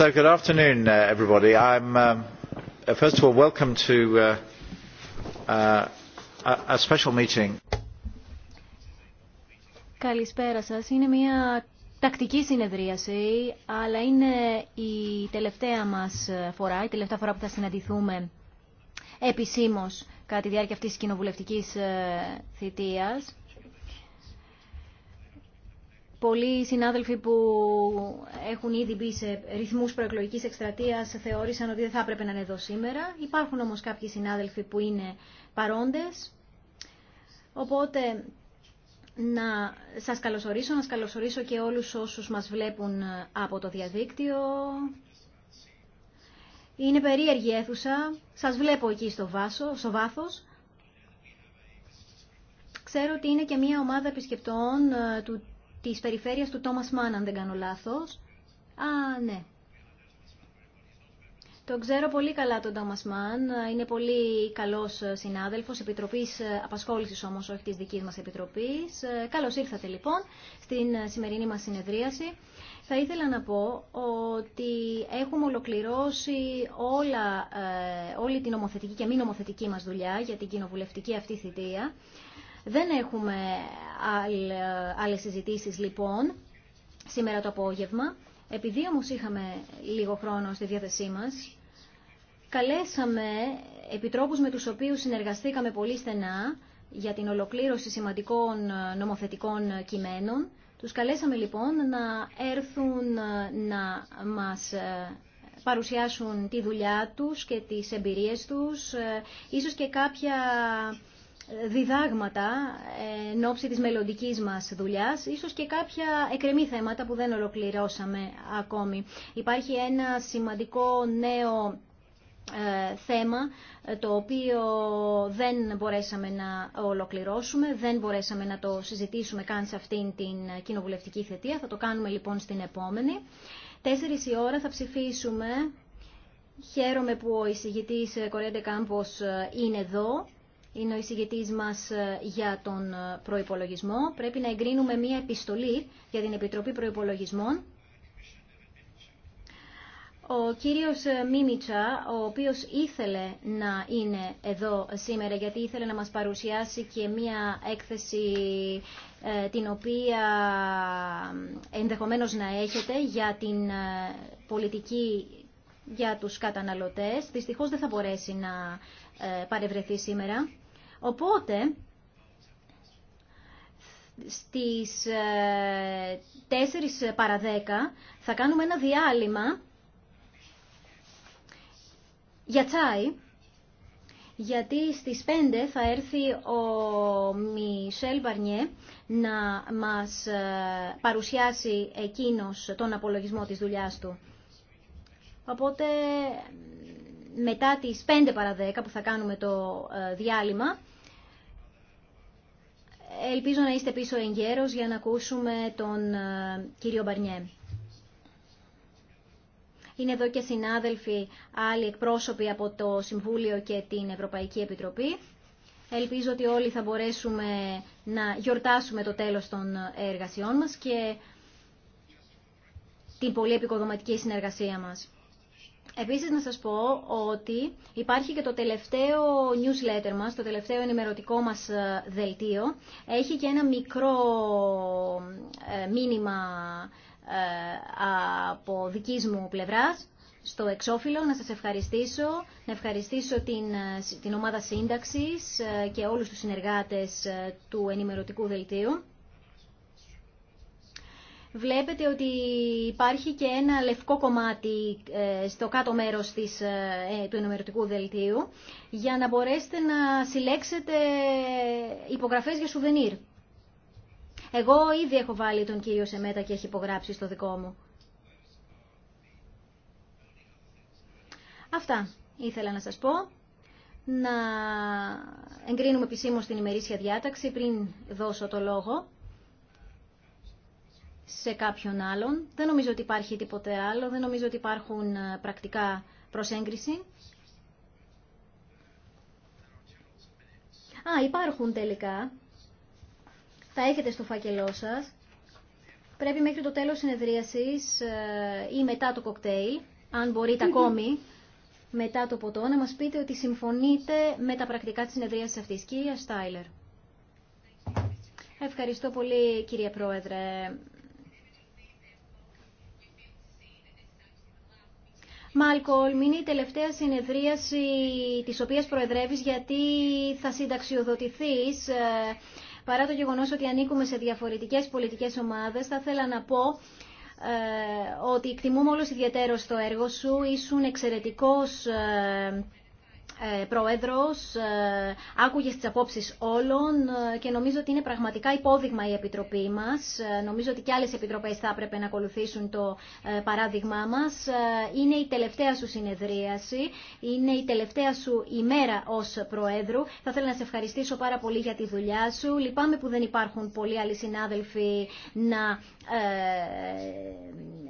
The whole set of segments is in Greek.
special meeting. Καλησπέρα σας. Είναι μια τακτική συνεδρίαση, αλλά είναι η τελευταία μας φορά, η τελευταία φορά που θα συναντηθούμε επισήμως κατά τη διάρκεια αυτής της κοινοβουλευτικής ε, θητείας. Πολλοί συνάδελφοι που έχουν ήδη μπει σε ρυθμούς προεκλογικής εκστρατείας θεώρησαν ότι δεν θα έπρεπε να είναι εδώ σήμερα. Υπάρχουν όμως κάποιοι συνάδελφοι που είναι παρόντες. Οπότε να σας καλωσορίσω, να σας καλωσορίσω και όλους όσους μας βλέπουν από το διαδίκτυο. Είναι περίεργη αίθουσα. Σας βλέπω εκεί στο, βάσο, στο βάθος. Ξέρω ότι είναι και μια ομάδα επισκεπτών ε, του της περιφέρειας του Τόμας Μάν, αν δεν κάνω λάθος. Α, ναι. Το ξέρω πολύ καλά τον Τόμας Μάν. Είναι πολύ καλός ε, συνάδελφος, επιτροπής ε, απασχόλησης όμως, όχι της δικής μας επιτροπής. Ε, καλώς ήρθατε λοιπόν στην σημερινή μας συνεδρίαση. Θα ήθελα να πω ότι έχουμε ολοκληρώσει όλα, όλη την ομοθετική και μη νομοθετική μας δουλειά για την κοινοβουλευτική αυτή θητεία. Δεν έχουμε άλλες συζητήσεις λοιπόν σήμερα το απόγευμα. Επειδή όμως είχαμε λίγο χρόνο στη διάθεσή μας, καλέσαμε επιτρόπους με τους οποίους συνεργαστήκαμε πολύ στενά για την ολοκλήρωση σημαντικών νομοθετικών κειμένων. Τους καλέσαμε λοιπόν να έρθουν να μας ε, παρουσιάσουν τη δουλειά τους και τις εμπειρίες τους, ε, ίσως και κάποια διδάγματα ε, εν ώψη της μελλοντική μας δουλειάς, ίσως και κάποια εκρεμή θέματα που δεν ολοκληρώσαμε ακόμη. Υπάρχει ένα σημαντικό νέο ε, θέμα ε, το οποίο δεν μπορέσαμε να ολοκληρώσουμε, δεν μπορέσαμε να το συζητήσουμε καν σε αυτήν την κοινοβουλευτική θετία. Θα το κάνουμε λοιπόν στην επόμενη. Τέσσερις η ώρα θα ψηφίσουμε. Χαίρομαι που ο εισηγητής Κορέντε Κάμπος είναι εδώ είναι ο εισηγητής μας ε, για τον ε, προϋπολογισμό. Πρέπει να εγκρίνουμε μία επιστολή για την Επιτροπή Προϋπολογισμών. Ο κύριος ε, Μίμητσα, ο οποίος ήθελε να είναι εδώ σήμερα, γιατί ήθελε να μας παρουσιάσει και μία έκθεση την οποία ενδεχομένως να έχετε για την πολιτική για τους καταναλωτές. Δυστυχώς δεν θα μπορέσει να παρευρεθεί σήμερα. Οπότε, στις 4 παρα 10 θα κάνουμε ένα διάλειμμα για τσάι, γιατί στις 5 θα έρθει ο Μισελ Μπαρνιέ να μας ε, παρουσιάσει εκείνος τον απολογισμό της δουλειάς του. Οπότε μετά τις 5 παρα 10 που θα κάνουμε το ε, διάλειμμα, Ελπίζω να είστε πίσω γέρος για να ακούσουμε τον ε, κύριο Μπαρνιέ. Είναι εδώ και συνάδελφοι, άλλοι εκπρόσωποι από το Συμβούλιο και την Ευρωπαϊκή Επιτροπή. Ελπίζω ότι όλοι θα μπορέσουμε να γιορτάσουμε το τέλος των εργασιών μας και την πολύ επικοδοματική συνεργασία μας. Επίσης να σας πω ότι υπάρχει και το τελευταίο newsletter μας, το τελευταίο ενημερωτικό μας ε, δελτίο. Έχει και ένα μικρό ε, μήνυμα ε, από δικής μου πλευράς στο εξώφυλλο να σας ευχαριστήσω, να ευχαριστήσω την, την ομάδα σύνταξης και όλους τους συνεργάτες του ενημερωτικού δελτίου. Βλέπετε ότι υπάρχει και ένα λευκό κομμάτι ε, στο κάτω μέρος της, ε, ε, του ενημερωτικού δελτίου για να μπορέσετε να συλλέξετε υπογραφές για σουβενίρ. Εγώ ήδη έχω βάλει τον κύριο Σεμέτα και έχει υπογράψει στο δικό μου. Αυτά ήθελα να σας πω. Να εγκρίνουμε επισήμως την ημερήσια διάταξη πριν δώσω το λόγο σε κάποιον άλλον. Δεν νομίζω ότι υπάρχει τίποτε άλλο, δεν νομίζω ότι υπάρχουν ε, πρακτικά προσέγγιση; Α, υπάρχουν τελικά. Τα έχετε στο φάκελό σας. Πρέπει μέχρι το τέλος συνεδρίασης ε, ή μετά το κοκτέιλ, αν μπορείτε ακόμη, μετά το ποτό, να μας πείτε ότι συμφωνείτε με τα πρακτικά της συνεδρίασης αυτής. Κυρία Στάιλερ. Ευχαριστώ πολύ, κύριε Πρόεδρε. μην είναι η τελευταία συνεδρίαση της οποίας προεδρεύεις γιατί θα συνταξιοδοτηθείς. Ε, παρά το γεγονός ότι ανήκουμε σε διαφορετικές πολιτικές ομάδες, θα ήθελα να πω ε, ότι εκτιμούμε όλους ιδιαίτερο το έργο σου. Ήσουν εξαιρετικός ε, ε, πρόεδρος, ε, άκουγε τις απόψεις όλων ε, και νομίζω ότι είναι πραγματικά υπόδειγμα η Επιτροπή μας. Νομίζω ότι και άλλες Επιτροπές θα έπρεπε να ακολουθήσουν το παράδειγμά μας. Είναι η τελευταία σου συνεδρίαση, είναι η τελευταία σου ημέρα ως Προέδρου. Θα ήθελα να σε ευχαριστήσω πάρα πολύ για τη δουλειά σου. Λυπάμαι που δεν υπάρχουν πολλοί άλλοι συνάδελφοι να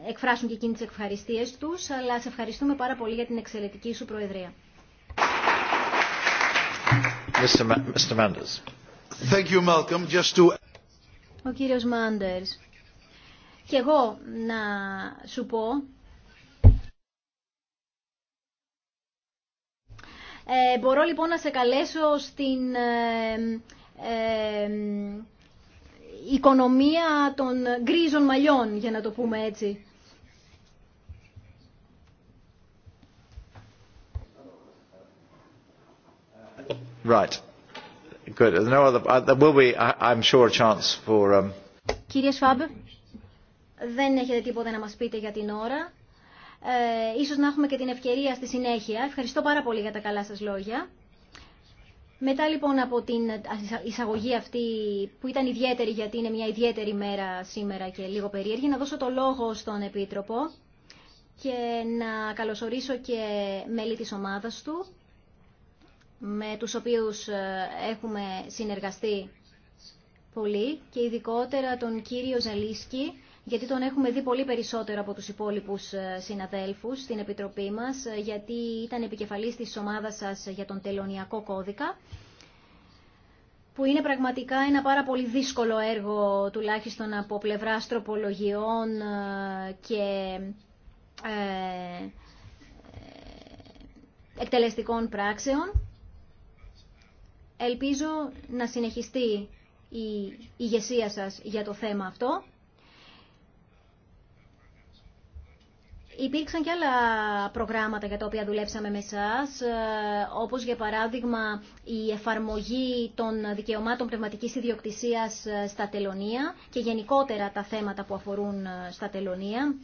εκφράσουν και εκείνοι τις ευχαριστίες τους, αλλά σε ευχαριστούμε πάρα πολύ για την εξαιρετική σου Προεδρία. Ο κύριος Μάντερς. Και εγώ να σου πω ε, μπορώ λοιπόν να σε καλέσω στην ε, ε, οικονομία των γκρίζων μαλλιών, για να το πούμε έτσι. Right. Good. No other, uh, will be, I'm sure, chance for... Um... Κύριε Σφάμπ, δεν έχετε τίποτα να μας πείτε για την ώρα. Ε, ίσως να έχουμε και την ευκαιρία στη συνέχεια. Ευχαριστώ πάρα πολύ για τα καλά σας λόγια. Μετά λοιπόν από την εισαγωγή αυτή που ήταν ιδιαίτερη γιατί είναι μια ιδιαίτερη μέρα σήμερα και λίγο περίεργη, να δώσω το λόγο στον Επίτροπο και να καλωσορίσω και μέλη της ομάδας του με τους οποίους ε, έχουμε συνεργαστεί πολύ και ειδικότερα τον κύριο Ζαλίσκι, γιατί τον έχουμε δει πολύ περισσότερο από τους υπόλοιπους ε, συναδέλφους στην Επιτροπή μας, ε, γιατί ήταν επικεφαλής της ομάδας σας για τον τελωνιακό κώδικα, που είναι πραγματικά ένα πάρα πολύ δύσκολο έργο, τουλάχιστον από πλευρά τροπολογιών και εκτελεστικών πράξεων. Ελπίζω να συνεχιστεί η ηγεσία σας για το θέμα αυτό. Υπήρξαν και άλλα προγράμματα για τα οποία δουλέψαμε με εσά, όπως για παράδειγμα η εφαρμογή των δικαιωμάτων πνευματικής ιδιοκτησίας ε, στα τελωνία και γενικότερα τα θέματα που αφορούν ε, στα τελωνία.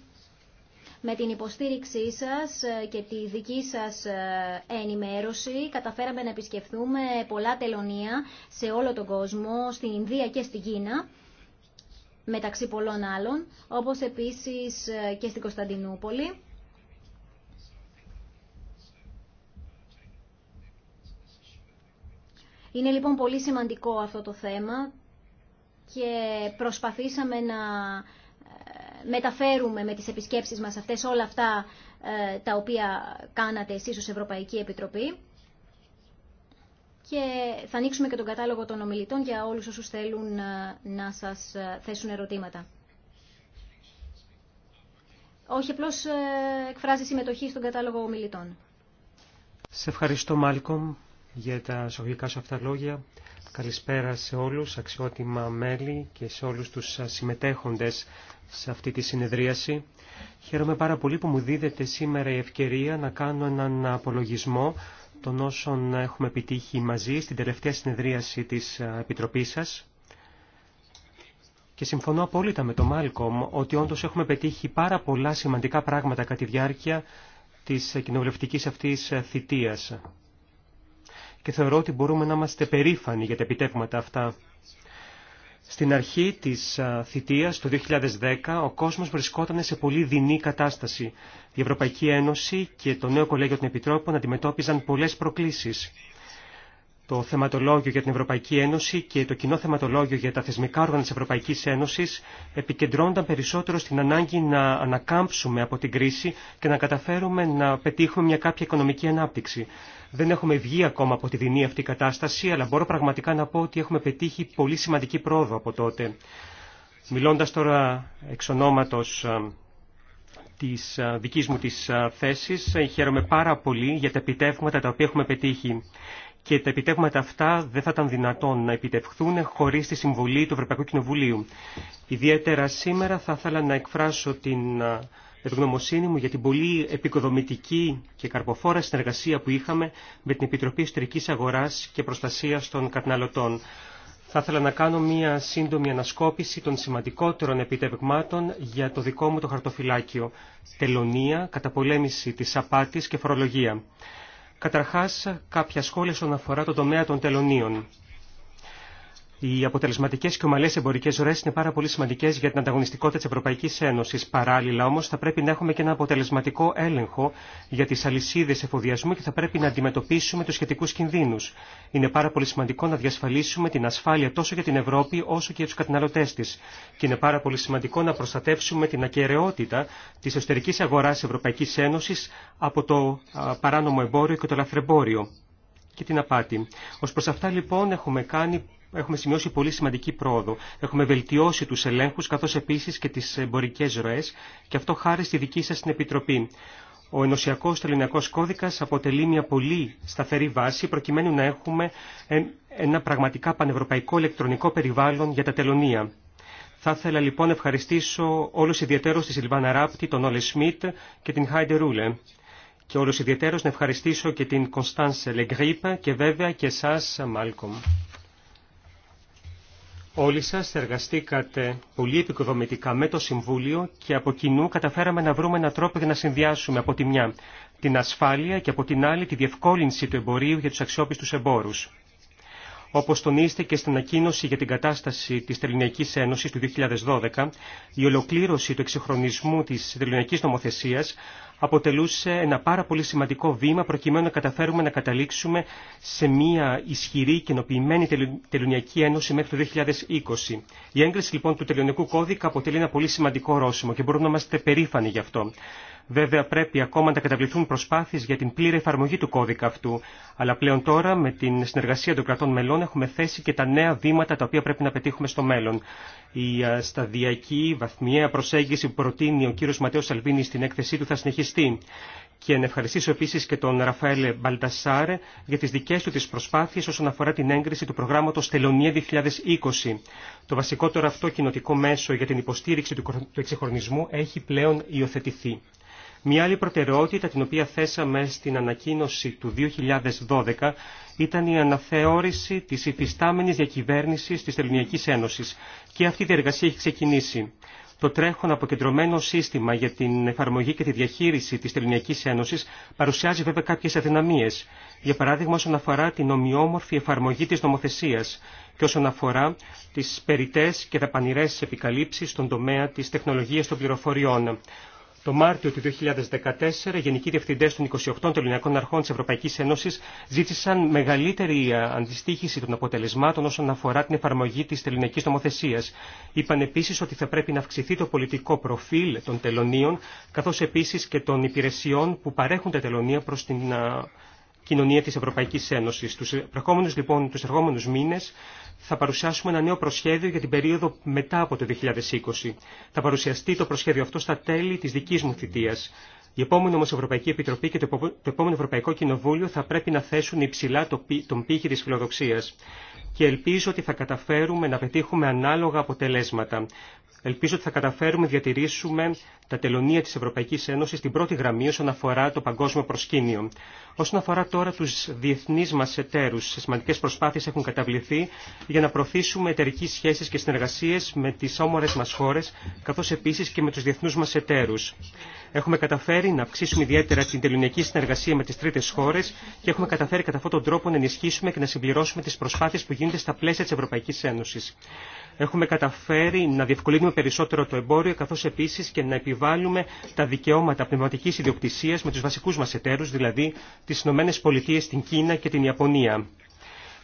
Με την υποστήριξή σας ε, και τη δική σας ε, ενημέρωση καταφέραμε να επισκεφθούμε πολλά τελωνία σε όλο τον κόσμο, στην Ινδία και στην Κίνα μεταξύ πολλών άλλων, όπως επίσης ε, και στην Κωνσταντινούπολη. Είναι λοιπόν πολύ σημαντικό αυτό το θέμα και προσπαθήσαμε να μεταφέρουμε με τις επισκέψεις μας αυτές όλα αυτά ε, τα οποία κάνατε εσείς ως Ευρωπαϊκή Επιτροπή και θα ανοίξουμε και τον κατάλογο των ομιλητών για όλους όσους θέλουν ε, να σας ε, θέσουν ερωτήματα. Όχι, απλώ εκφράζει συμμετοχή στον κατάλογο ομιλητών. Σε ευχαριστώ, Μάλκομ, για τα σοβιακά σου αυτά λόγια. Καλησπέρα σε όλους, αξιότιμα μέλη και σε όλους τους συμμετέχοντες σε αυτή τη συνεδρίαση. Χαίρομαι πάρα πολύ που μου δίδεται σήμερα η ευκαιρία να κάνω έναν απολογισμό των όσων έχουμε επιτύχει μαζί στην τελευταία συνεδρίαση της Επιτροπής σας. Και συμφωνώ απόλυτα με τον Μάλκομ ότι όντως έχουμε πετύχει πάρα πολλά σημαντικά πράγματα κατά τη διάρκεια της κοινοβουλευτικής αυτής θητείας και θεωρώ ότι μπορούμε να είμαστε περήφανοι για τα επιτεύγματα αυτά. Στην αρχή της θητείας, το 2010, ο κόσμος βρισκόταν σε πολύ δεινή κατάσταση. Η Ευρωπαϊκή Ένωση και το νέο Κολέγιο των Επιτρόπων αντιμετώπιζαν πολλές προκλήσεις το θεματολόγιο για την Ευρωπαϊκή Ένωση και το κοινό θεματολόγιο για τα θεσμικά όργανα της Ευρωπαϊκής Ένωσης επικεντρώνονταν περισσότερο στην ανάγκη να ανακάμψουμε από την κρίση και να καταφέρουμε να πετύχουμε μια κάποια οικονομική ανάπτυξη. Δεν έχουμε βγει ακόμα από τη δινή αυτή κατάσταση, αλλά μπορώ πραγματικά να πω ότι έχουμε πετύχει πολύ σημαντική πρόοδο από τότε. Μιλώντας τώρα εξ ονόματος ε, της ε, δικής μου της ε, θέσης, χαίρομαι πάρα πολύ για τα επιτεύγματα τα οποία έχουμε πετύχει και τα επιτεύγματα αυτά δεν θα ήταν δυνατόν να επιτευχθούν χωρίς τη συμβολή του Ευρωπαϊκού Κοινοβουλίου. Ιδιαίτερα σήμερα θα ήθελα να εκφράσω την ευγνωμοσύνη μου για την πολύ επικοδομητική και καρποφόρα συνεργασία που είχαμε με την Επιτροπή Ιστορικής Αγοράς και Προστασίας των Καταναλωτών. Θα ήθελα να κάνω μία σύντομη ανασκόπηση των σημαντικότερων επιτευγμάτων για το δικό μου το χαρτοφυλάκιο. Τελωνία, καταπολέμηση της απάτης και φορολογία. Καταρχάς, κάποια σχόλια στον αφορά τον τομέα των τελωνίων. Οι αποτελεσματικέ και ομαλέ εμπορικέ ροέ είναι πάρα πολύ σημαντικέ για την ανταγωνιστικότητα τη Ευρωπαϊκή Ένωση. Παράλληλα όμω θα πρέπει να έχουμε και ένα αποτελεσματικό έλεγχο για τι αλυσίδε εφοδιασμού και θα πρέπει να αντιμετωπίσουμε του σχετικού κινδύνου. Είναι πάρα πολύ σημαντικό να διασφαλίσουμε την ασφάλεια τόσο για την Ευρώπη όσο και για του καταναλωτέ τη. Και είναι πάρα πολύ σημαντικό να προστατεύσουμε την ακαιρεότητα τη εσωτερική αγορά Ευρωπαϊκή Ένωση από το παράνομο εμπόριο και το λαθρεμπόριο και την απάτη. Ως προς αυτά λοιπόν έχουμε κάνει έχουμε σημειώσει πολύ σημαντική πρόοδο. Έχουμε βελτιώσει τους ελέγχους καθώς επίσης και τις εμπορικές ροές και αυτό χάρη στη δική σας την Επιτροπή. Ο Ενωσιακό Τελωνιακό Κώδικα αποτελεί μια πολύ σταθερή βάση προκειμένου να έχουμε ένα πραγματικά πανευρωπαϊκό ηλεκτρονικό περιβάλλον για τα τελωνία. Θα ήθελα λοιπόν να ευχαριστήσω όλους ιδιαίτερω τη Σιλβάνα Ράπτη, τον Όλε Σμιτ και την Χάιντε Ρούλε. Και όλου ιδιαίτερω να ευχαριστήσω και την Κωνστάνσε Λεγκρίπ και βέβαια και εσά, Μάλκομ. Όλοι σας εργαστήκατε πολύ επικοδομητικά με το Συμβούλιο και από κοινού καταφέραμε να βρούμε έναν τρόπο για να συνδυάσουμε από τη μια την ασφάλεια και από την άλλη τη διευκόλυνση του εμπορίου για τους αξιόπιστους εμπόρους. Όπως τονίζεται και στην ανακοίνωση για την κατάσταση της Τελωνιακή Ένωσης του 2012, η ολοκλήρωση του εξυγχρονισμού της Τελωνιακή νομοθεσίας αποτελούσε ένα πάρα πολύ σημαντικό βήμα προκειμένου να καταφέρουμε να καταλήξουμε σε μια ισχυρή και ενοποιημένη τελωνιακή ένωση μέχρι το 2020. Η έγκριση λοιπόν του τελωνιακού κώδικα αποτελεί ένα πολύ σημαντικό ρώσιμο και μπορούμε να είμαστε περήφανοι γι' αυτό. Βέβαια πρέπει ακόμα να καταβληθούν προσπάθειες για την πλήρη εφαρμογή του κώδικα αυτού. Αλλά πλέον τώρα με την συνεργασία των κρατών μελών έχουμε θέσει και τα νέα βήματα τα οποία πρέπει να πετύχουμε στο μέλλον. Η ε, σταδιακή βαθμιαία προσέγγιση που προτείνει ο κύριος Ματέος Σαλβίνη στην έκθεσή του θα συνεχιστεί. Και να ευχαριστήσω επίση και τον Ραφαέλε Μπαλτασάρε για τι δικέ του τι προσπάθειε όσον αφορά την έγκριση του προγράμματο Τελωνία 2020. Το βασικότερο αυτό κοινοτικό μέσο για την υποστήριξη του εξεχρονισμού έχει πλέον υιοθετηθεί. Μια άλλη προτεραιότητα την οποία θέσαμε στην ανακοίνωση του 2012 ήταν η αναθεώρηση της υφιστάμενης διακυβέρνησης της Ελληνικής Ένωσης και αυτή η διεργασία έχει ξεκινήσει. Το τρέχον αποκεντρωμένο σύστημα για την εφαρμογή και τη διαχείριση της Ελληνικής Ένωσης παρουσιάζει βέβαια κάποιες αδυναμίες, για παράδειγμα όσον αφορά την ομοιόμορφη εφαρμογή της νομοθεσίας και όσον αφορά τις περιτές και δαπανηρές επικαλύψεις στον τομέα της τεχνολογίας των πληροφοριών. Το Μάρτιο του 2014, οι γενικοί διευθυντέ των 28 Τελωνιακών αρχών τη Ευρωπαϊκή Ένωση ζήτησαν μεγαλύτερη αντιστοίχηση των αποτελεσμάτων όσον αφορά την εφαρμογή τη ελληνική νομοθεσία. Είπαν επίση ότι θα πρέπει να αυξηθεί το πολιτικό προφίλ των τελωνίων, καθώ επίση και των υπηρεσιών που παρέχουν τα τελωνία προ την κοινωνία της Ευρωπαϊκής Ένωσης. Τους ερχόμενους, λοιπόν, τους ερχόμενους μήνες θα παρουσιάσουμε ένα νέο προσχέδιο για την περίοδο μετά από το 2020. Θα παρουσιαστεί το προσχέδιο αυτό στα τέλη της δικής μου θητείας. Η επόμενη όμως Ευρωπαϊκή Επιτροπή και το επόμενο Ευρωπαϊκό Κοινοβούλιο θα πρέπει να θέσουν υψηλά τον πύχη της φιλοδοξίας. Και ελπίζω ότι θα καταφέρουμε να πετύχουμε ανάλογα αποτελέσματα. Ελπίζω ότι θα καταφέρουμε να διατηρήσουμε τα τελωνία τη Ευρωπαϊκή Ένωση στην πρώτη γραμμή όσον αφορά το παγκόσμιο προσκήνιο. Όσον αφορά τώρα τους διεθνεί μα εταίρου, σημαντικέ προσπάθειες έχουν καταβληθεί για να προωθήσουμε εταιρικέ σχέσει και συνεργασίε με τι όμορε μα χώρε, καθώ επίση και με του διεθνού μα εταίρους. Έχουμε καταφέρει να αυξήσουμε ιδιαίτερα την τελωνιακή συνεργασία με τι τρίτες χώρε και έχουμε καταφέρει κατά αυτόν τον τρόπο να ενισχύσουμε και να συμπληρώσουμε τι προσπάθειε που γίνονται στα πλαίσια τη Ευρωπαϊκή Ένωση έχουμε καταφέρει να διευκολύνουμε περισσότερο το εμπόριο, καθώς επίσης και να επιβάλλουμε τα δικαιώματα πνευματικής ιδιοκτησίας με τους βασικούς μας εταίρους, δηλαδή τις ΗΠΑ, την Κίνα και την Ιαπωνία.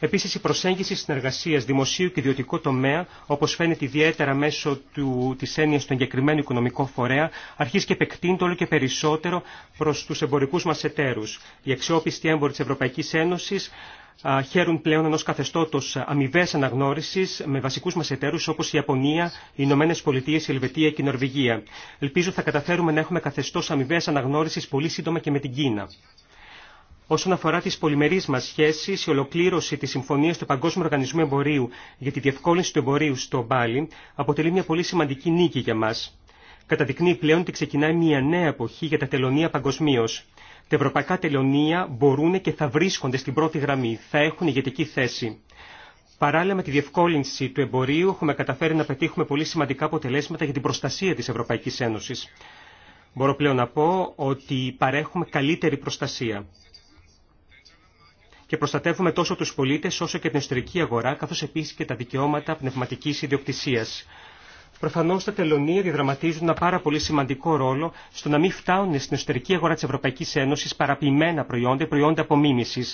Επίση, η προσέγγιση συνεργασία δημοσίου και ιδιωτικού τομέα, όπω φαίνεται ιδιαίτερα μέσω τη έννοια του εγκεκριμένου οικονομικού φορέα, αρχίζει και επεκτείνεται όλο και περισσότερο προ του εμπορικού μα εταίρου. η αξιόπιστοι εμπόρη τη Ευρωπαϊκή Ένωση χαίρουν πλέον ενό καθεστώτο αμοιβέ αναγνώριση με βασικού μα εταίρου όπω η Ιαπωνία, οι Ηνωμένε Πολιτείε, η Ελβετία και η Νορβηγία. Ελπίζω θα καταφέρουμε να έχουμε καθεστώ αμοιβέ αναγνώριση πολύ σύντομα και με την Κίνα. Όσον αφορά τι πολυμερεί μα σχέσει, η ολοκλήρωση τη συμφωνία του Παγκόσμιου Οργανισμού Εμπορίου για τη διευκόλυνση του εμπορίου στο Μπάλι αποτελεί μια πολύ σημαντική νίκη για μα. Καταδεικνύει πλέον ότι ξεκινάει μια νέα εποχή για τα τελωνία παγκοσμίω τα ευρωπαϊκά τελωνία μπορούν και θα βρίσκονται στην πρώτη γραμμή, θα έχουν ηγετική θέση. Παράλληλα με τη διευκόλυνση του εμπορίου, έχουμε καταφέρει να πετύχουμε πολύ σημαντικά αποτελέσματα για την προστασία της Ευρωπαϊκής Ένωσης. Μπορώ πλέον να πω ότι παρέχουμε καλύτερη προστασία και προστατεύουμε τόσο τους πολίτες όσο και την εσωτερική αγορά, καθώς επίσης και τα δικαιώματα πνευματικής ιδιοκτησίας. Προφανώ τα τελωνία διαδραματίζουν ένα πάρα πολύ σημαντικό ρόλο στο να μην φτάνουν στην εσωτερική αγορά τη Ευρωπαϊκή Ένωση παραποιημένα προϊόντα, προϊόντα απομίμηση.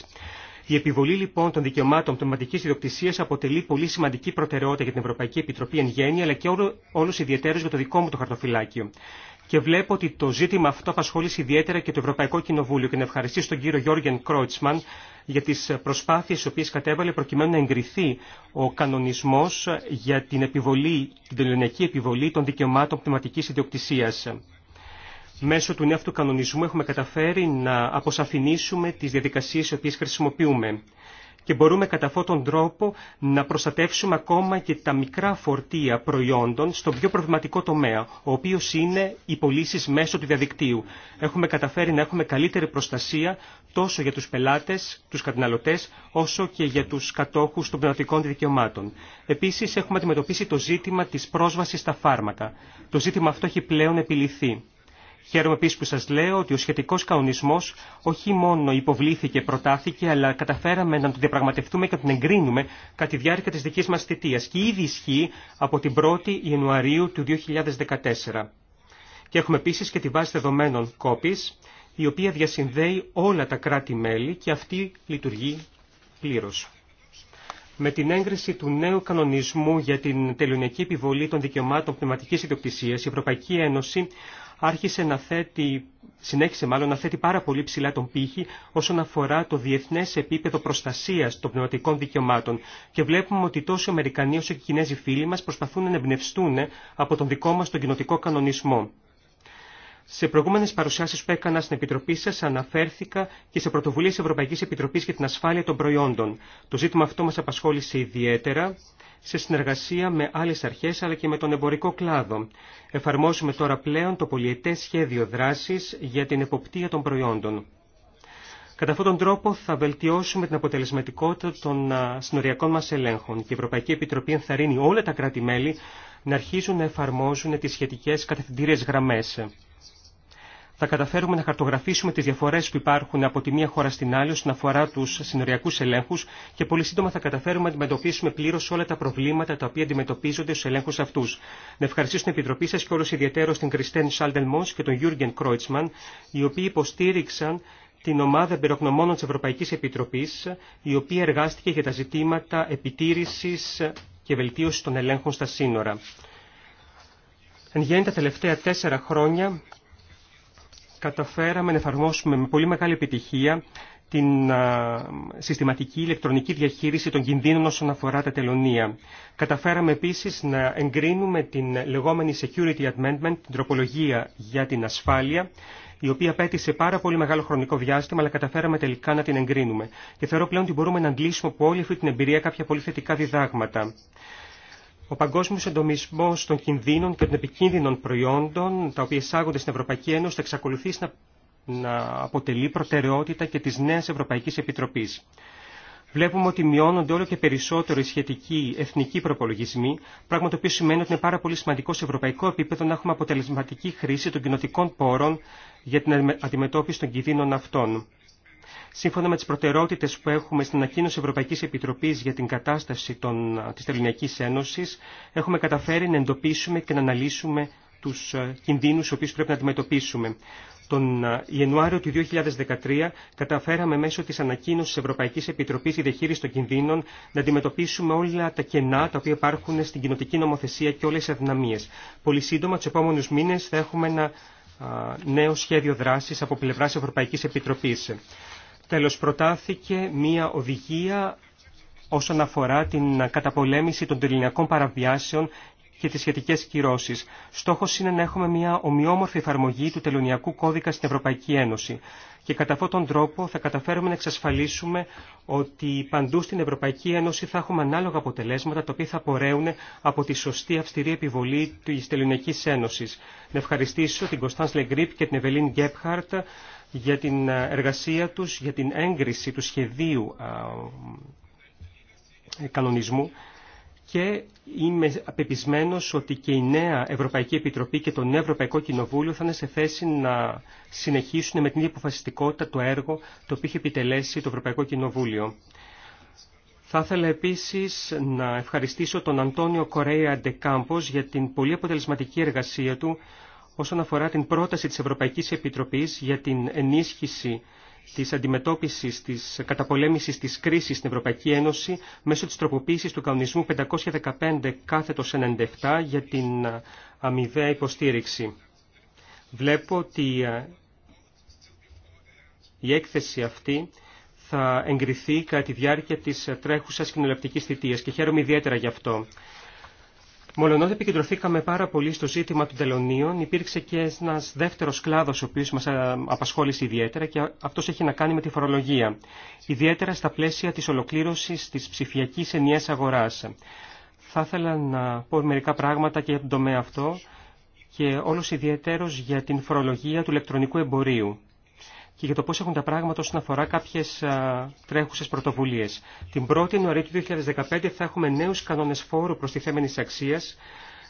Η επιβολή λοιπόν των δικαιωμάτων πνευματική ιδιοκτησία αποτελεί πολύ σημαντική προτεραιότητα για την Ευρωπαϊκή Επιτροπή εν γέννη, αλλά και όλου ιδιαίτερου για το δικό μου το χαρτοφυλάκιο. Και βλέπω ότι το ζήτημα αυτό απασχόλησε ιδιαίτερα και το Ευρωπαϊκό Κοινοβούλιο και να ευχαριστήσω τον κύριο Γιώργεν Κρότσμαν, για τις προσπάθειες οι οποίες κατέβαλε προκειμένου να εγκριθεί ο κανονισμός για την επιβολή, την τελειωνιακή επιβολή των δικαιωμάτων πνευματικής ιδιοκτησίας. Μέσω του νέου αυτού κανονισμού έχουμε καταφέρει να αποσαφηνίσουμε τις διαδικασίες οι οποίες χρησιμοποιούμε και μπορούμε κατά αυτόν τον τρόπο να προστατεύσουμε ακόμα και τα μικρά φορτία προϊόντων στον πιο προβληματικό τομέα, ο οποίο είναι οι πωλήσει μέσω του διαδικτύου. Έχουμε καταφέρει να έχουμε καλύτερη προστασία τόσο για του πελάτε, του καταναλωτέ, όσο και για του κατόχου των πνευματικών δικαιωμάτων. Επίση, έχουμε αντιμετωπίσει το ζήτημα τη πρόσβαση στα φάρμακα. Το ζήτημα αυτό έχει πλέον επιληθεί. Χαίρομαι επίση που σα λέω ότι ο σχετικό κανονισμό όχι μόνο υποβλήθηκε, προτάθηκε, αλλά καταφέραμε να τον διαπραγματευτούμε και να τον εγκρίνουμε κατά τη διάρκεια τη δική μα θητεία και ήδη ισχύει από την 1η Ιανουαρίου του 2014. Και έχουμε επίση και τη βάση δεδομένων κόπη, η οποία διασυνδέει όλα τα κράτη-μέλη και αυτή λειτουργεί πλήρω. Με την έγκριση του νέου κανονισμού για την τελειωνιακή επιβολή των δικαιωμάτων πνευματική ιδιοκτησίας, η Ευρωπαϊκή Ένωση άρχισε να θέτει, συνέχισε μάλλον να θέτει πάρα πολύ ψηλά τον πύχη όσον αφορά το διεθνές επίπεδο προστασίας των πνευματικών δικαιωμάτων και βλέπουμε ότι τόσο οι Αμερικανοί όσο και οι Κινέζοι φίλοι μας προσπαθούν να εμπνευστούν από τον δικό μας τον κοινοτικό κανονισμό. Σε προηγούμενε παρουσιάσει που έκανα στην Επιτροπή σα, αναφέρθηκα και σε πρωτοβουλίε Ευρωπαϊκή Επιτροπή για την ασφάλεια των προϊόντων. Το ζήτημα αυτό μα απασχόλησε ιδιαίτερα σε συνεργασία με άλλε αρχέ αλλά και με τον εμπορικό κλάδο. Εφαρμόζουμε τώρα πλέον το πολιετέ σχέδιο δράση για την εποπτεία των προϊόντων. Κατά αυτόν τον τρόπο θα βελτιώσουμε την αποτελεσματικότητα των συνοριακών μας ελέγχων και η Ευρωπαϊκή Επιτροπή ενθαρρύνει όλα τα κράτη-μέλη να αρχίσουν να εφαρμόζουν τις σχετικές κατευθυντήριες γραμμές θα καταφέρουμε να χαρτογραφήσουμε τι διαφορέ που υπάρχουν από τη μία χώρα στην άλλη όσον αφορά του συνοριακού ελέγχου και πολύ σύντομα θα καταφέρουμε να αντιμετωπίσουμε πλήρω όλα τα προβλήματα τα οποία αντιμετωπίζονται στου ελέγχου αυτού. Να ευχαριστήσω την Επιτροπή σα και όλου ιδιαίτερω την Κριστέν Σάλτελμον και τον Γιούργεν Κρόιτσμαν, οι οποίοι υποστήριξαν την ομάδα εμπειρογνωμόνων τη Ευρωπαϊκή Επιτροπή, η οποία εργάστηκε για τα ζητήματα επιτήρηση και βελτίωση των ελέγχων στα σύνορα. Εν τελευταία τέσσερα χρόνια καταφέραμε να εφαρμόσουμε με πολύ μεγάλη επιτυχία την συστηματική ηλεκτρονική διαχείριση των κινδύνων όσον αφορά τα τελωνία. Καταφέραμε επίσης να εγκρίνουμε την λεγόμενη Security Amendment, την τροπολογία για την ασφάλεια, η οποία απέτησε πάρα πολύ μεγάλο χρονικό διάστημα, αλλά καταφέραμε τελικά να την εγκρίνουμε. Και θεωρώ πλέον ότι μπορούμε να αντλήσουμε από όλη αυτή την εμπειρία κάποια πολύ θετικά διδάγματα. Ο παγκόσμιο εντομισμό των κινδύνων και των επικίνδυνων προϊόντων, τα οποία εισάγονται στην Ευρωπαϊκή Ένωση, θα εξακολουθήσει να, να αποτελεί προτεραιότητα και τη νέα Ευρωπαϊκή Επιτροπή. Βλέπουμε ότι μειώνονται όλο και περισσότερο οι σχετικοί εθνικοί προπολογισμοί, πράγμα το οποίο σημαίνει ότι είναι πάρα πολύ σημαντικό σε ευρωπαϊκό επίπεδο να έχουμε αποτελεσματική χρήση των κοινοτικών πόρων για την αντιμετώπιση των κινδύνων αυτών. Σύμφωνα με τι προτεραιότητες που έχουμε στην ανακοίνωση Ευρωπαϊκή Επιτροπή για την κατάσταση των, της Ένωση, Ένωσης, έχουμε καταφέρει να εντοπίσουμε και να αναλύσουμε του κινδύνου ε, κινδύνους οποίου πρέπει να αντιμετωπίσουμε. Τον ε, Ιανουάριο του 2013 καταφέραμε μέσω της ανακοίνωσης Ευρωπαϊκής Επιτροπής για διαχείριση των κινδύνων να αντιμετωπίσουμε όλα τα κενά τα οποία υπάρχουν στην κοινοτική νομοθεσία και όλες τις αδυναμίες. Πολύ σύντομα, του επόμενου μήνε θα έχουμε ένα νέο σχέδιο δράσης από πλευράς Ευρωπαϊκής Επιτροπής. Τέλος προτάθηκε μία οδηγία όσον αφορά την καταπολέμηση των τελεινιακών παραβιάσεων και τις σχετικές κυρώσεις. Στόχος είναι να έχουμε μια ομοιόμορφη εφαρμογή του τελωνιακού κώδικα στην Ευρωπαϊκή Ένωση. Και κατά αυτόν τον τρόπο θα καταφέρουμε να εξασφαλίσουμε ότι παντού στην Ευρωπαϊκή Ένωση θα έχουμε ανάλογα αποτελέσματα τα οποία θα πορέουν από τη σωστή αυστηρή επιβολή της Τελωνιακή Ένωσης. Να ευχαριστήσω την Κωνσταντ Λεγκρίπ και την Ευελίν Γκέπχαρτ για την ε, εργασία τους, για την έγκριση του σχεδίου ε, κανονισμού και είμαι απεπισμένος ότι και η νέα Ευρωπαϊκή Επιτροπή και το νέο Ευρωπαϊκό Κοινοβούλιο θα είναι σε θέση να συνεχίσουν με την υποφασιστικότητα το έργο το οποίο είχε επιτελέσει το Ευρωπαϊκό Κοινοβούλιο. Θα ήθελα επίσης να ευχαριστήσω τον Αντώνιο Κορέα Ντεκάμπος για την πολύ αποτελεσματική εργασία του όσον αφορά την πρόταση της Ευρωπαϊκής Επιτροπής για την ενίσχυση της αντιμετώπισης της καταπολέμησης της κρίσης στην Ευρωπαϊκή Ένωση μέσω της τροποποίησης του κανονισμού 515 κάθετος 97 για την αμοιβαία υποστήριξη. Βλέπω ότι ε, η έκθεση αυτή θα εγκριθεί κατά τη διάρκεια της τρέχουσας κοινολεπτικής θητείας και χαίρομαι ιδιαίτερα γι' αυτό. Μολονότι επικεντρωθήκαμε πάρα πολύ στο ζήτημα των τελωνίων, υπήρξε και ένα δεύτερο κλάδο ο οποίο μα απασχόλησε ιδιαίτερα και αυτό έχει να κάνει με τη φορολογία. Ιδιαίτερα στα πλαίσια τη ολοκλήρωση τη ψηφιακή ενιαία αγορά. Θα ήθελα να πω μερικά πράγματα και για τον τομέα αυτό και όλο ιδιαίτερο για την φορολογία του ηλεκτρονικού εμπορίου και για το πώς έχουν τα πράγματα όσον αφορά κάποιες τρέχουσε τρέχουσες πρωτοβουλίες. Την 1η Ιανουαρίου του 2015 θα έχουμε νέους κανόνες φόρου θέμενη αξίας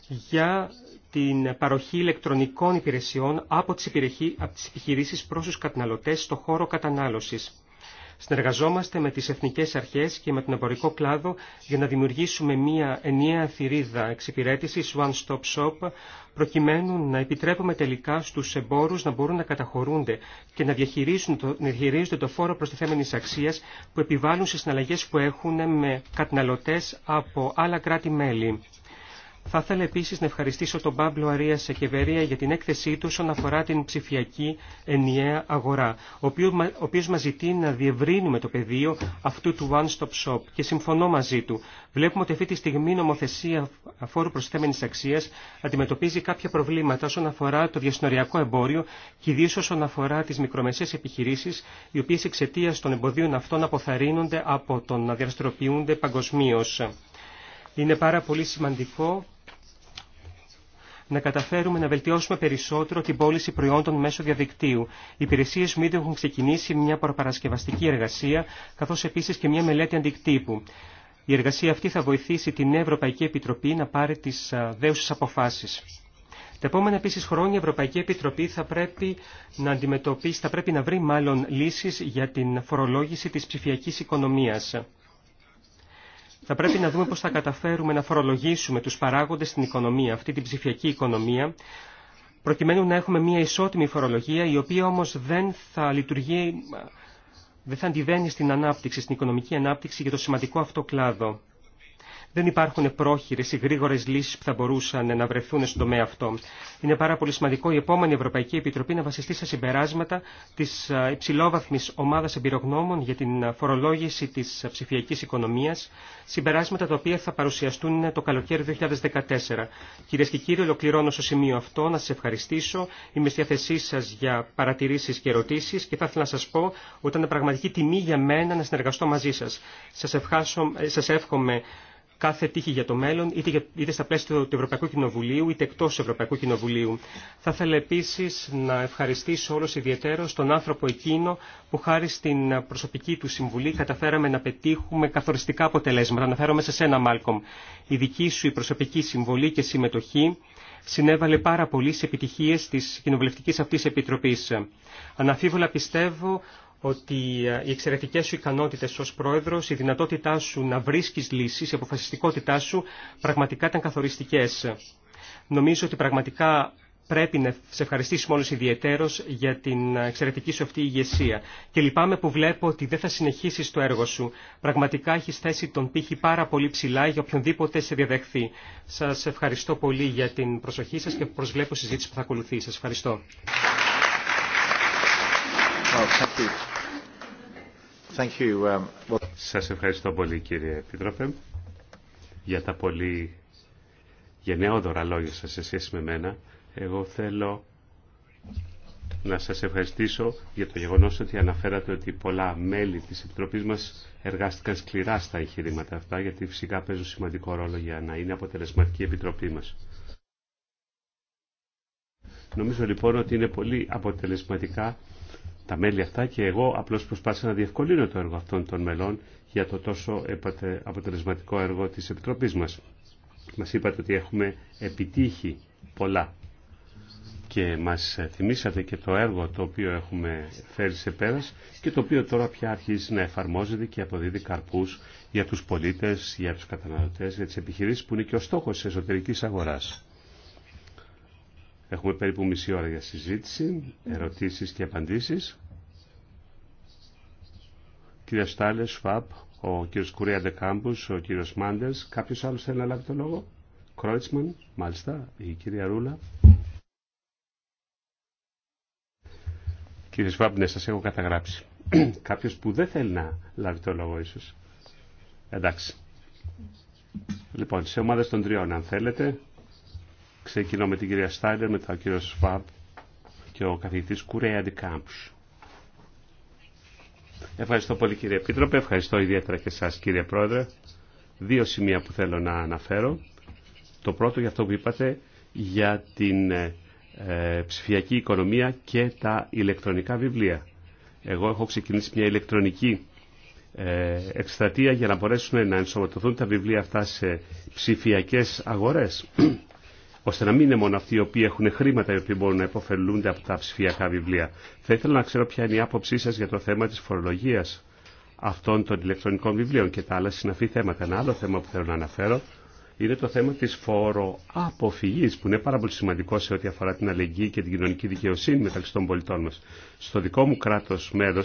για την παροχή ηλεκτρονικών υπηρεσιών από τις, επιχειρήσεις προς τους καταναλωτές στο χώρο κατανάλωσης. Συνεργαζόμαστε με τις εθνικές αρχές και με τον εμπορικό κλάδο για να δημιουργήσουμε μια ενιαία θηρίδα εξυπηρέτησης One Stop Shop προκειμένου να επιτρέπουμε τελικά στους εμπόρους να μπορούν να καταχωρούνται και να, το, διαχειρίζονται το φόρο προστιθέμενης αξίας που επιβάλλουν στις συναλλαγές που έχουν με καταναλωτές από άλλα κράτη-μέλη. Θα ήθελα επίση να ευχαριστήσω τον Πάμπλο Αρία Σεκεβερία για την έκθεσή του όσον αφορά την ψηφιακή ενιαία αγορά, ο οποίο μα ζητεί να διευρύνουμε το πεδίο αυτού του one-stop shop και συμφωνώ μαζί του. Βλέπουμε ότι αυτή τη στιγμή η νομοθεσία αφόρου προσθέμενη αξία αντιμετωπίζει κάποια προβλήματα όσον αφορά το διασυνοριακό εμπόριο και ιδίω όσον αφορά τι μικρομεσαίε επιχειρήσει, οι οποίε εξαιτία των εμποδίων αυτών αποθαρρύνονται από τον να διαστροποιούνται παγκοσμίω. Είναι πάρα πολύ σημαντικό να καταφέρουμε να βελτιώσουμε περισσότερο την πώληση προϊόντων μέσω διαδικτύου. Οι υπηρεσίε MIDI έχουν ξεκινήσει μια προπαρασκευαστική εργασία, καθώ επίση και μια μελέτη αντικτύπου. Η εργασία αυτή θα βοηθήσει την Ευρωπαϊκή Επιτροπή να πάρει τι δέουσε αποφάσει. Τα επόμενα επίση χρόνια η Ευρωπαϊκή Επιτροπή θα πρέπει να αντιμετωπίσει, θα πρέπει να βρει μάλλον λύσει για την φορολόγηση τη ψηφιακή οικονομία θα πρέπει να δούμε πώς θα καταφέρουμε να φορολογήσουμε τους παράγοντες στην οικονομία, αυτή την ψηφιακή οικονομία, προκειμένου να έχουμε μια ισότιμη φορολογία, η οποία όμως δεν θα λειτουργεί, δεν θα αντιβαίνει στην ανάπτυξη, στην οικονομική ανάπτυξη για το σημαντικό αυτό κλάδο δεν υπάρχουν πρόχειρε ή γρήγορε λύσει που θα μπορούσαν να βρεθούν στον τομέα αυτό. Είναι πάρα πολύ σημαντικό η επόμενη Ευρωπαϊκή Επιτροπή να βασιστεί στα συμπεράσματα τη υψηλόβαθμη ομάδα εμπειρογνώμων για την φορολόγηση τη ψηφιακή οικονομία, συμπεράσματα τα οποία θα παρουσιαστούν το καλοκαίρι 2014. Κυρίε και κύριοι, ολοκληρώνω στο σημείο αυτό να σα ευχαριστήσω. Είμαι στη διάθεσή σα για παρατηρήσει και ερωτήσει και θα ήθελα να σα πω ότι ήταν πραγματική τιμή για μένα να συνεργαστώ μαζί σα. Σα ε, εύχομαι κάθε τύχη για το μέλλον, είτε, είτε στα πλαίσια του Ευρωπαϊκού Κοινοβουλίου, είτε εκτό του Ευρωπαϊκού Κοινοβουλίου. Θα ήθελα επίση να ευχαριστήσω όλο ιδιαίτερο τον άνθρωπο εκείνο που χάρη στην προσωπική του συμβουλή καταφέραμε να πετύχουμε καθοριστικά αποτελέσματα. Αναφέρομαι σε σένα, Μάλκομ. Η δική σου η προσωπική συμβολή και συμμετοχή συνέβαλε πάρα πολύ σε επιτυχίες της κοινοβουλευτικής αυτής επιτροπής. Αναφίβολα πιστεύω ότι ε, οι εξαιρετικέ σου ικανότητε ω πρόεδρο, η δυνατότητά σου να βρίσκει λύσει, η αποφασιστικότητά σου πραγματικά ήταν καθοριστικέ. Νομίζω ότι πραγματικά πρέπει να σε ευχαριστήσουμε όλου ιδιαίτερω για την ε, εξαιρετική σου αυτή ηγεσία. Και λυπάμαι που βλέπω ότι δεν θα συνεχίσει το έργο σου. Πραγματικά έχει θέσει τον πύχη πάρα πολύ ψηλά για οποιονδήποτε σε διαδεχθεί. Σα ευχαριστώ πολύ για την προσοχή σα και προσβλέπω συζήτηση που θα ακολουθεί. Σα ευχαριστώ. Um, σας ευχαριστώ πολύ κύριε Επίτροπε για τα πολύ γενναιόδωρα λόγια σας σε σχέση με μένα. Εγώ θέλω να σας ευχαριστήσω για το γεγονός ότι αναφέρατε ότι πολλά μέλη της Επιτροπής μας εργάστηκαν σκληρά στα εγχειρήματα αυτά, γιατί φυσικά παίζουν σημαντικό ρόλο για να είναι αποτελεσματική η Επιτροπή μας. Νομίζω λοιπόν ότι είναι πολύ αποτελεσματικά τα μέλη αυτά και εγώ απλώς προσπάθησα να διευκολύνω το έργο αυτών των μελών για το τόσο αποτελεσματικό έργο της Επιτροπής μας. Μας είπατε ότι έχουμε επιτύχει πολλά και μας θυμήσατε και το έργο το οποίο έχουμε φέρει σε πέρας και το οποίο τώρα πια αρχίζει να εφαρμόζεται και αποδίδει καρπούς για τους πολίτες, για τους καταναλωτές, για τις επιχειρήσεις που είναι και ο στόχος της εσωτερικής αγοράς. Έχουμε περίπου μισή ώρα για συζήτηση, ερωτήσεις και απαντήσεις. Κύριε Στάλε, Σφάπ, ο κύριος Κουρία Ντεκάμπους, ο κύριος Μάντερς. Κάποιος άλλος θέλει να λάβει το λόγο. Κρόιτσμαν, μάλιστα, η κυρία Ρούλα. Κύριε Σφάπ, ναι, σας έχω καταγράψει. Κάποιος που δεν θέλει να λάβει το λόγο ίσως. Εντάξει. Λοιπόν, σε ομάδες των τριών, αν θέλετε, Ξεκινώ με την κυρία Στάιλερ, μετά ο κύριο Σφάμπ και ο καθηγητή Κουρέα Αντικάμψ. Ευχαριστώ πολύ κύριε Επίτροπε, ευχαριστώ ιδιαίτερα και εσά κύριε Πρόεδρε. Δύο σημεία που θέλω να αναφέρω. Το πρώτο για αυτό που είπατε για την ε, ε, ψηφιακή οικονομία και τα ηλεκτρονικά βιβλία. Εγώ έχω ξεκινήσει μια ηλεκτρονική ε, εκστρατεία για να μπορέσουν να ενσωματωθούν τα βιβλία αυτά σε ψηφιακές αγορές ώστε να μην είναι μόνο αυτοί οι οποίοι έχουν χρήματα οι οποίοι μπορούν να υποφελούνται από τα ψηφιακά βιβλία. Θα ήθελα να ξέρω ποια είναι η άποψή σα για το θέμα τη φορολογία αυτών των ηλεκτρονικών βιβλίων και τα άλλα συναφή θέματα. Ένα άλλο θέμα που θέλω να αναφέρω είναι το θέμα της φοροαποφυγής που είναι πάρα πολύ σημαντικό σε ό,τι αφορά την αλληλεγγύη και την κοινωνική δικαιοσύνη μεταξύ των πολιτών μας. Στο δικό μου κράτος μέρο,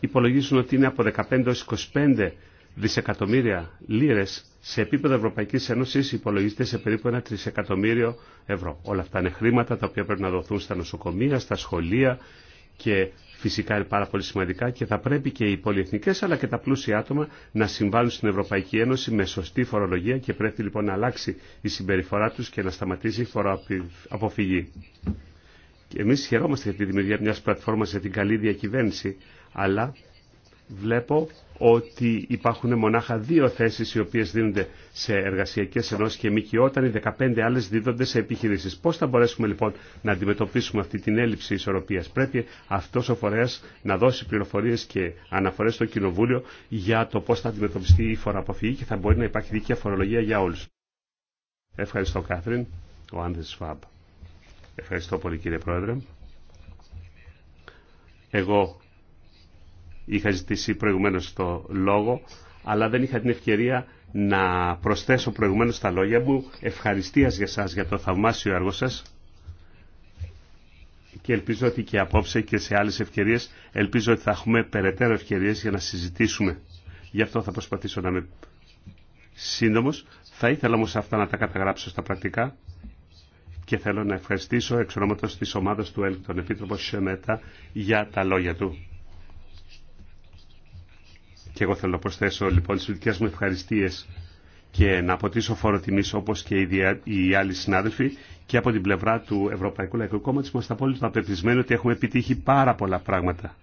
υπολογίζουν ότι είναι από 15 έως 25 δισεκατομμύρια λίρε σε επίπεδο Ευρωπαϊκής Ένωσης υπολογίζεται σε περίπου ένα τρισεκατομμύριο ευρώ. Όλα αυτά είναι χρήματα τα οποία πρέπει να δοθούν στα νοσοκομεία, στα σχολεία και φυσικά είναι πάρα πολύ σημαντικά και θα πρέπει και οι πολυεθνικές αλλά και τα πλούσια άτομα να συμβάλλουν στην Ευρωπαϊκή Ένωση με σωστή φορολογία και πρέπει λοιπόν να αλλάξει η συμπεριφορά τους και να σταματήσει η φοροαποφυγή. Και εμείς χαιρόμαστε για τη δημιουργία μιας πλατφόρμας για την καλή διακυβέρνηση αλλά βλέπω ότι υπάρχουν μονάχα δύο θέσεις οι οποίες δίνονται σε εργασιακές ενώσεις και μήκη όταν οι 15 άλλες δίδονται σε επιχειρήσεις. Πώς θα μπορέσουμε λοιπόν να αντιμετωπίσουμε αυτή την έλλειψη ισορροπίας. Πρέπει αυτός ο φορέας να δώσει πληροφορίες και αναφορές στο Κοινοβούλιο για το πώς θα αντιμετωπιστεί η φοροαποφυγή και θα μπορεί να υπάρχει δίκαια φορολογία για όλους. Ευχαριστώ Κάθριν, ο Άνδρες Σφάμπ. Ευχαριστώ πολύ κύριε Πρόεδρε. Εγώ Είχα ζητήσει προηγουμένως το λόγο, αλλά δεν είχα την ευκαιρία να προσθέσω προηγουμένως τα λόγια μου. Ευχαριστίας για σας για το θαυμάσιο έργο σας και ελπίζω ότι και απόψε και σε άλλες ευκαιρίες ελπίζω ότι θα έχουμε περαιτέρω ευκαιρίες για να συζητήσουμε. Γι' αυτό θα προσπαθήσω να είμαι σύντομος. Θα ήθελα όμως αυτά να τα καταγράψω στα πρακτικά και θέλω να ευχαριστήσω εξ ονόματος της ομάδας του ΕΛΚ τον Επίτροπο Σεμέτα για τα λόγια του. Και εγώ θέλω να προσθέσω λοιπόν τις δικέ μου ευχαριστίες και να αποτίσω φόρο τιμής όπως και οι άλλοι συνάδελφοι και από την πλευρά του Ευρωπαϊκού Λαϊκού Κόμματος είμαστε απόλυτα απευθυσμένοι ότι έχουμε επιτύχει πάρα πολλά πράγματα.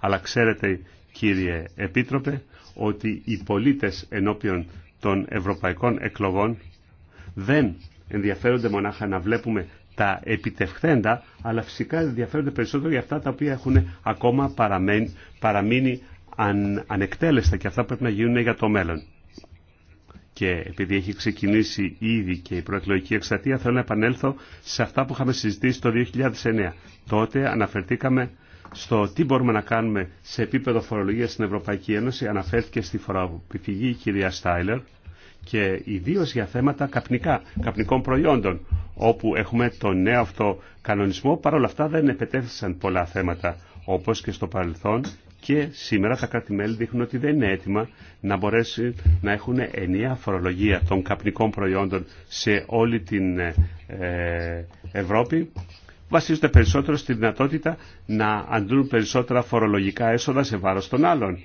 Αλλά ξέρετε κύριε Επίτροπε ότι οι πολίτες ενώπιον των ευρωπαϊκών εκλογών δεν ενδιαφέρονται μονάχα να βλέπουμε τα επιτευχθέντα, αλλά φυσικά ενδιαφέρονται περισσότερο για αυτά τα οποία έχουν ακόμα παραμείνει αν, ανεκτέλεστα και αυτά πρέπει να γίνουν για το μέλλον. Και επειδή έχει ξεκινήσει ήδη και η προεκλογική εξατία θέλω να επανέλθω σε αυτά που είχαμε συζητήσει το 2009. Τότε αναφερθήκαμε στο τι μπορούμε να κάνουμε σε επίπεδο φορολογίας στην Ευρωπαϊκή Ένωση. Αναφέρθηκε στη φορά η κυρία Στάιλερ και ιδίω για θέματα καπνικά, καπνικών προϊόντων, όπου έχουμε τον νέο αυτό κανονισμό. Παρ' όλα αυτά δεν επετέθησαν πολλά θέματα, όπως και στο παρελθόν και σήμερα τα κράτη-μέλη δείχνουν ότι δεν είναι έτοιμα να μπορέσουν να έχουν ενιαία φορολογία των καπνικών προϊόντων σε όλη την ε, ε, Ευρώπη. Βασίζονται περισσότερο στη δυνατότητα να αντλούν περισσότερα φορολογικά έσοδα σε βάρος των άλλων.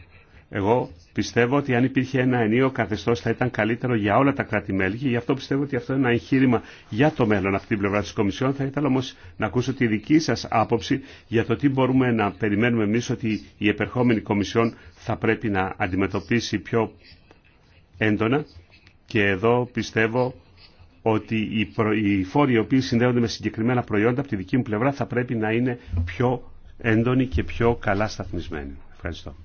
Εγώ πιστεύω ότι αν υπήρχε ένα ενίο καθεστώ θα ήταν καλύτερο για όλα τα κράτη-μέλη και γι' αυτό πιστεύω ότι αυτό είναι ένα εγχείρημα για το μέλλον αυτή την πλευρά τη Κομισιόν. Θα ήθελα όμω να ακούσω τη δική σα άποψη για το τι μπορούμε να περιμένουμε εμεί ότι η επερχόμενη Κομισιόν θα πρέπει να αντιμετωπίσει πιο έντονα. Και εδώ πιστεύω ότι οι φόροι οι οποίοι συνδέονται με συγκεκριμένα προϊόντα από τη δική μου πλευρά θα πρέπει να είναι πιο έντονοι και πιο καλά σταθμισμένοι. Ευχαριστώ.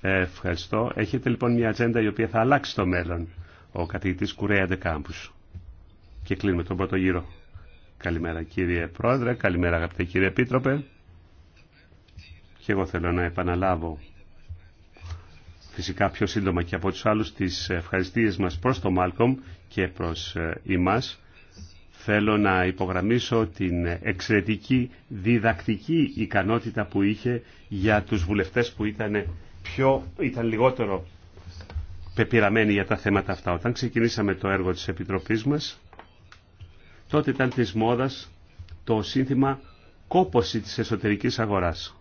Ευχαριστώ. Έχετε λοιπόν μια ατζέντα η οποία θα αλλάξει το μέλλον. Ο καθηγητή Κουρέα Ντεκάμπου. Και κλείνουμε τον πρώτο γύρο. Καλημέρα κύριε Πρόεδρε, καλημέρα αγαπητέ κύριε Επίτροπε. Και εγώ θέλω να επαναλάβω φυσικά πιο σύντομα και από τους άλλους τις ευχαριστίες μας προς τον Μάλκομ και προς ε, εμάς. Θέλω να υπογραμμίσω την εξαιρετική διδακτική ικανότητα που είχε για τους βουλευτές που ήταν πιο, ήταν λιγότερο πεπειραμένοι για τα θέματα αυτά. Όταν ξεκινήσαμε το έργο της Επιτροπής μας, τότε ήταν της μόδας το σύνθημα κόπωση της εσωτερικής αγοράς.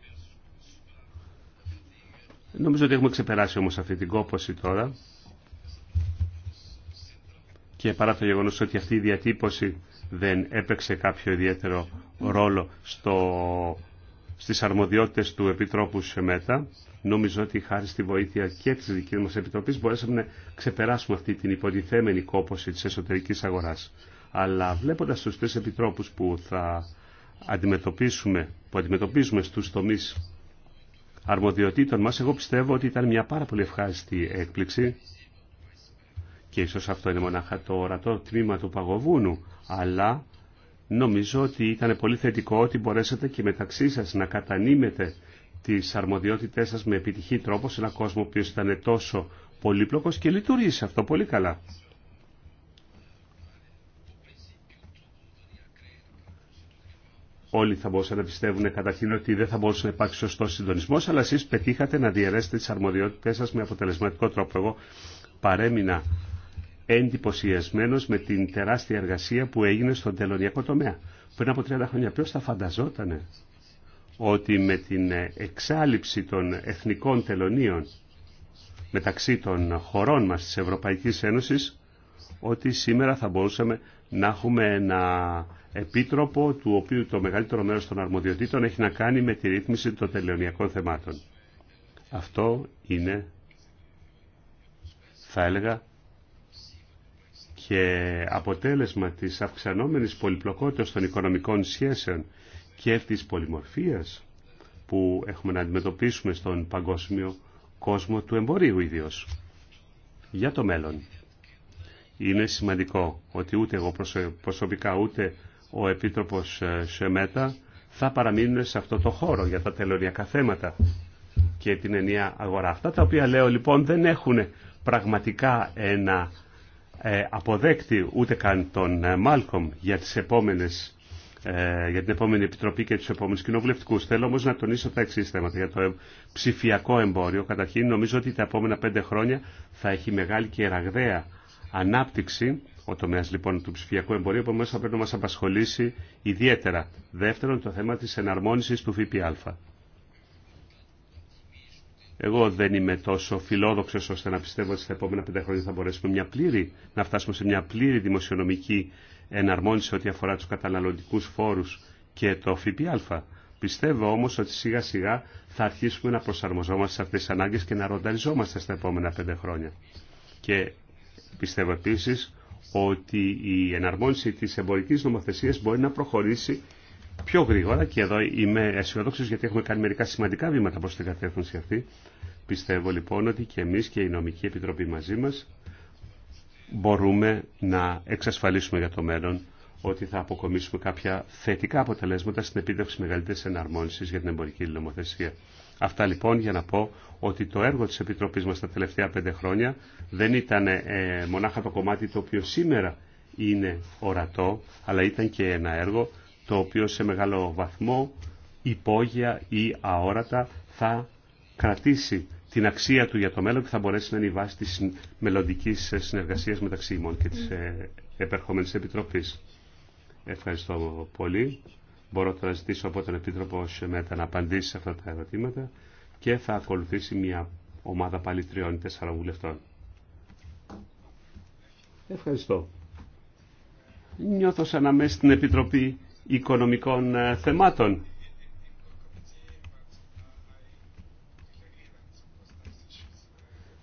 Νομίζω ότι έχουμε ξεπεράσει όμως αυτή την κόπωση τώρα και παρά το γεγονός ότι αυτή η διατύπωση δεν έπαιξε κάποιο ιδιαίτερο ρόλο στο στις αρμοδιότητες του Επιτρόπου Σεμέτα. Νομίζω ότι χάρη στη βοήθεια και της δικής μας Επιτροπής μπορέσαμε να ξεπεράσουμε αυτή την υποτιθέμενη κόπωση της εσωτερικής αγοράς. Αλλά βλέποντας τους τρεις επιτρόπους που θα αντιμετωπίσουμε, που αντιμετωπίζουμε στους τομείς αρμοδιοτήτων μας, εγώ πιστεύω ότι ήταν μια πάρα πολύ ευχάριστη έκπληξη και ίσως αυτό είναι μονάχα το ορατό τμήμα του Παγοβούνου, αλλά Νομίζω ότι ήταν πολύ θετικό ότι μπορέσατε και μεταξύ σας να κατανείμετε τις αρμοδιότητές σας με επιτυχή τρόπο σε έναν κόσμο που ήταν τόσο πολύπλοκος και λειτουργήσε αυτό πολύ καλά. Όλοι θα μπορούσαν να πιστεύουν καταρχήν ότι δεν θα μπορούσε να υπάρξει σωστό συντονισμό, αλλά εσεί πετύχατε να διαιρέσετε τι αρμοδιότητέ σα με αποτελεσματικό τρόπο. Εγώ παρέμεινα εντυπωσιασμένο με την τεράστια εργασία που έγινε στον τελωνιακό τομέα. Πριν από 30 χρόνια ποιος θα φανταζότανε ότι με την εξάλληψη των εθνικών τελωνίων μεταξύ των χωρών μας της Ευρωπαϊκής Ένωσης ότι σήμερα θα μπορούσαμε να έχουμε ένα επίτροπο του οποίου το μεγαλύτερο μέρος των αρμοδιοτήτων έχει να κάνει με τη ρύθμιση των τελωνιακών θεμάτων. Αυτό είναι, θα έλεγα, και αποτέλεσμα της αυξανόμενης πολυπλοκότητας των οικονομικών σχέσεων και της πολυμορφίας που έχουμε να αντιμετωπίσουμε στον παγκόσμιο κόσμο του εμπορίου ιδίως. Για το μέλλον. Είναι σημαντικό ότι ούτε εγώ προσωπικά ούτε ο Επίτροπος ε, Σεμέτα θα παραμείνουν σε αυτό το χώρο για τα τελωνιακά θέματα και την ενιαία αγορά. Αυτά τα οποία λέω λοιπόν δεν έχουν πραγματικά ένα ε, αποδέκτη ούτε καν τον ε, Μάλκομ για, τις επόμενες, ε, για την επόμενη επιτροπή και τους επόμενους κοινοβουλευτικούς. Θέλω όμως να τονίσω τα εξή θέματα για το ψηφιακό εμπόριο. Καταρχήν νομίζω ότι τα επόμενα πέντε χρόνια θα έχει μεγάλη και ραγδαία ανάπτυξη ο τομέα λοιπόν του ψηφιακού εμπορίου, οπότε θα πρέπει να μα απασχολήσει ιδιαίτερα. Δεύτερον, το θέμα τη εναρμόνιση του ΦΠΑ. Εγώ δεν είμαι τόσο φιλόδοξος ώστε να πιστεύω ότι στα επόμενα πέντε χρόνια θα μπορέσουμε μια πλήρη, να φτάσουμε σε μια πλήρη δημοσιονομική εναρμόνιση ό,τι αφορά τους καταναλωτικούς φόρους και το ΦΠΑ. Πιστεύω όμως ότι σιγά σιγά θα αρχίσουμε να προσαρμοζόμαστε σε αυτές τις ανάγκες και να ρονταριζόμαστε στα επόμενα πέντε χρόνια. Και πιστεύω επίσης ότι η εναρμόνιση της εμπορικής νομοθεσίας μπορεί να προχωρήσει πιο γρήγορα και εδώ είμαι αισιοδόξο γιατί έχουμε κάνει μερικά σημαντικά βήματα προ την κατεύθυνση αυτή. Πιστεύω λοιπόν ότι και εμεί και η νομική επιτροπή μαζί μα μπορούμε να εξασφαλίσουμε για το μέλλον ότι θα αποκομίσουμε κάποια θετικά αποτελέσματα στην επίτευξη μεγαλύτερη εναρμόνιση για την εμπορική νομοθεσία. Αυτά λοιπόν για να πω ότι το έργο τη Επιτροπής μα τα τελευταία πέντε χρόνια δεν ήταν ε, μονάχα το κομμάτι το οποίο σήμερα είναι ορατό, αλλά ήταν και ένα έργο το οποίο σε μεγάλο βαθμό υπόγεια ή αόρατα θα κρατήσει την αξία του για το μέλλον και θα μπορέσει να είναι η βάση της μελλοντικής συνεργασίας μεταξύ ημών και της ε, επερχόμενης Επιτροπής. Ευχαριστώ πολύ. Μπορώ τώρα να ζητήσω από τον Επίτροπο Σεμέτα να απαντήσει σε αυτά τα ερωτήματα και θα ακολουθήσει μια ομάδα πάλι τριών ή τεσσάρων βουλευτών. Ευχαριστώ. Νιώθω σαν να είμαι στην Επιτροπή οικονομικών ε, θεμάτων.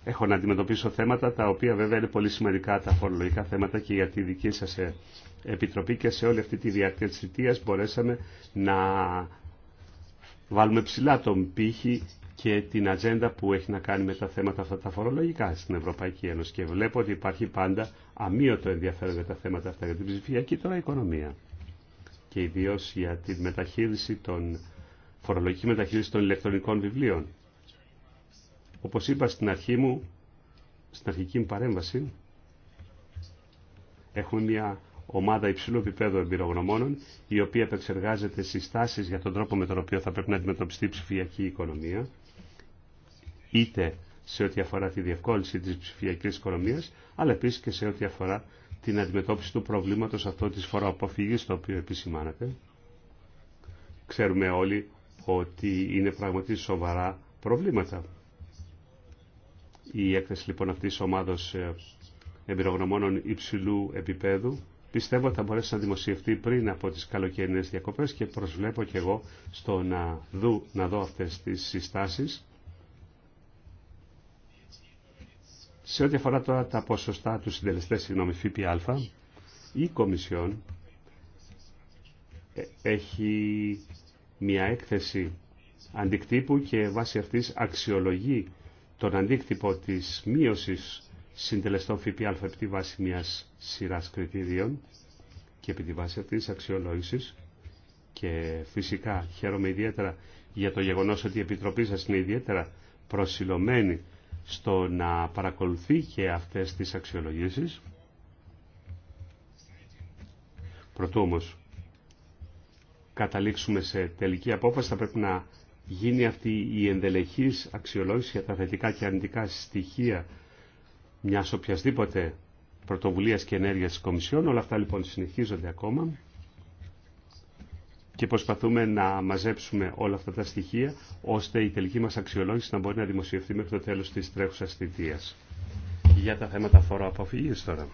Έχω να αντιμετωπίσω θέματα τα οποία βέβαια είναι πολύ σημαντικά τα φορολογικά θέματα και για τη δική σας ε, επιτροπή και σε όλη αυτή τη διάρκεια της θητείας μπορέσαμε να βάλουμε ψηλά τον πύχη και την ατζέντα που έχει να κάνει με τα θέματα αυτά τα φορολογικά στην Ευρωπαϊκή Ένωση. Και βλέπω ότι υπάρχει πάντα αμύωτο ενδιαφέρον για τα θέματα αυτά για την ψηφιακή τώρα οικονομία και ιδίω για τη μεταχείριση των, φορολογική μεταχείριση των ηλεκτρονικών βιβλίων. Όπως είπα στην αρχή μου, στην αρχική μου παρέμβαση, έχουμε μια ομάδα υψηλού επίπεδου εμπειρογνωμόνων, η οποία επεξεργάζεται συστάσεις για τον τρόπο με τον οποίο θα πρέπει να αντιμετωπιστεί η ψηφιακή οικονομία, είτε σε ό,τι αφορά τη διευκόλυνση της ψηφιακής οικονομίας, αλλά επίσης και σε ό,τι αφορά την αντιμετώπιση του προβλήματος αυτό της φοροαποφύγης το οποίο επισημάνατε. Ξέρουμε όλοι ότι είναι πραγματικά σοβαρά προβλήματα. Η έκθεση λοιπόν αυτής της ομάδος ε, εμπειρογνωμόνων υψηλού επίπεδου πιστεύω ότι θα μπορέσει να δημοσιευτεί πριν από τις καλοκαιρινές διακοπές και προσβλέπω και εγώ στο να δω, να δω αυτές τις συστάσεις Σε ό,τι αφορά τώρα τα ποσοστά του συντελεστέ, ΦΠΑ, η Κομισιόν ε, έχει μια έκθεση αντικτύπου και βάσει αυτής αξιολογεί τον αντίκτυπο της μείωσης συντελεστών ΦΠΑ επί τη βάση μιας σειράς κριτήριων και επί τη βάση αυτής της αξιολόγησης και φυσικά χαίρομαι ιδιαίτερα για το γεγονός ότι η Επιτροπή σας είναι ιδιαίτερα προσιλωμένη στο να παρακολουθεί και αυτές τις αξιολογήσεις. Πρωτού όμως καταλήξουμε σε τελική απόφαση θα πρέπει να γίνει αυτή η ενδελεχής αξιολόγηση για τα θετικά και αρνητικά στοιχεία μιας οποιασδήποτε πρωτοβουλίας και ενέργειας της Κομισιόν. Όλα αυτά λοιπόν συνεχίζονται ακόμα και προσπαθούμε να μαζέψουμε όλα αυτά τα στοιχεία ώστε η τελική μας αξιολόγηση να μπορεί να δημοσιευτεί μέχρι το τέλος της τρέχουσας θητείας. Για τα θέματα φοροαποφυγής τώρα.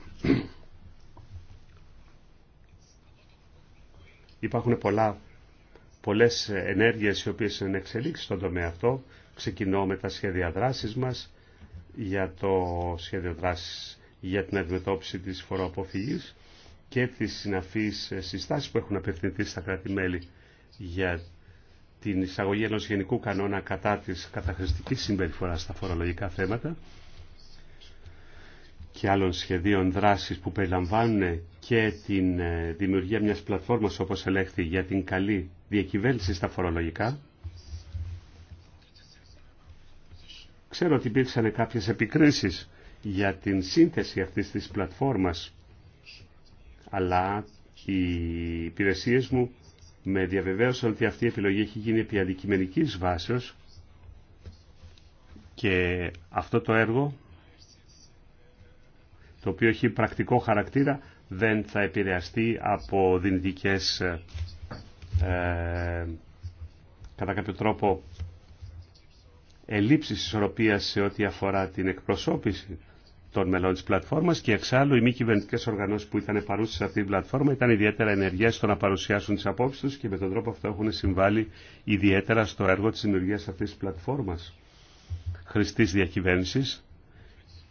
Υπάρχουν πολλά, πολλές ενέργειες οι οποίες είναι εξελίξει στον τομέα αυτό. Ξεκινώ με τα σχέδια δράσης μας για το σχέδιο δράσης για την αντιμετώπιση της φοροαποφυγής και τι συναφείς ε, συστάσεις που έχουν απευθυνθεί στα κράτη-μέλη για την εισαγωγή ενό γενικού κανόνα κατά τη καταχρηστικής συμπεριφοράς στα φορολογικά θέματα και άλλων σχεδίων δράσης που περιλαμβάνουν και την ε, δημιουργία μιας πλατφόρμας όπως ελέγχθη για την καλή διακυβέρνηση στα φορολογικά. Ξέρω ότι υπήρξαν κάποιες επικρίσεις για την σύνθεση αυτής της πλατφόρμας αλλά οι υπηρεσίε μου με διαβεβαίωσαν ότι αυτή η επιλογή έχει γίνει επί αντικειμενικής βάσεως και αυτό το έργο το οποίο έχει πρακτικό χαρακτήρα δεν θα επηρεαστεί από δυνητικές ε, κατά κάποιο τρόπο ελλείψεις ισορροπίας σε ό,τι αφορά την εκπροσώπηση των μελών της πλατφόρμας και εξάλλου οι μη κυβερνητικέ οργανώσεις που ήταν παρούσες σε αυτή την πλατφόρμα ήταν ιδιαίτερα ενεργές στο να παρουσιάσουν τις απόψεις τους και με τον τρόπο αυτό έχουν συμβάλει ιδιαίτερα στο έργο της δημιουργία αυτής της πλατφόρμας χρηστής διακυβέρνησης.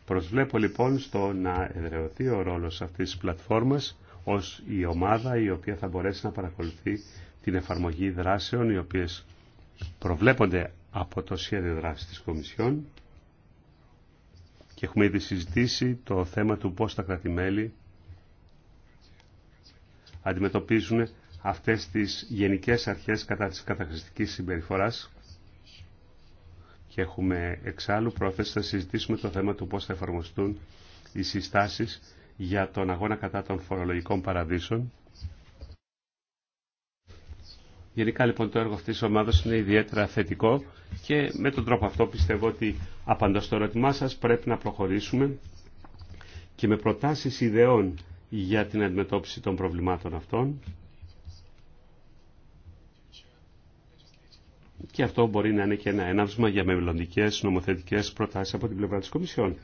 Προσβλέπω λοιπόν στο να εδρεωθεί ο ρόλος αυτής της πλατφόρμας ως η ομάδα η οποία θα μπορέσει να παρακολουθεί την εφαρμογή δράσεων οι οποίε προβλέπονται από το σχέδιο δράση τη Κομισιόν και έχουμε ήδη συζητήσει το θέμα του πώς τα κρατημέλη αντιμετωπίζουν αυτές τις γενικές αρχές κατά της καταχρηστικής συμπεριφοράς και έχουμε εξάλλου πρόθεση να συζητήσουμε το θέμα του πώς θα εφαρμοστούν οι συστάσεις για τον αγώνα κατά των φορολογικών παραδείσων Γενικά λοιπόν το έργο αυτής της ομάδας είναι ιδιαίτερα θετικό και με τον τρόπο αυτό πιστεύω ότι απαντώ στο ερώτημά σας πρέπει να προχωρήσουμε και με προτάσεις ιδεών για την αντιμετώπιση των προβλημάτων αυτών και αυτό μπορεί να είναι και ένα έναυσμα για μελλοντικέ νομοθετικές προτάσεις από την πλευρά της Κομισιόν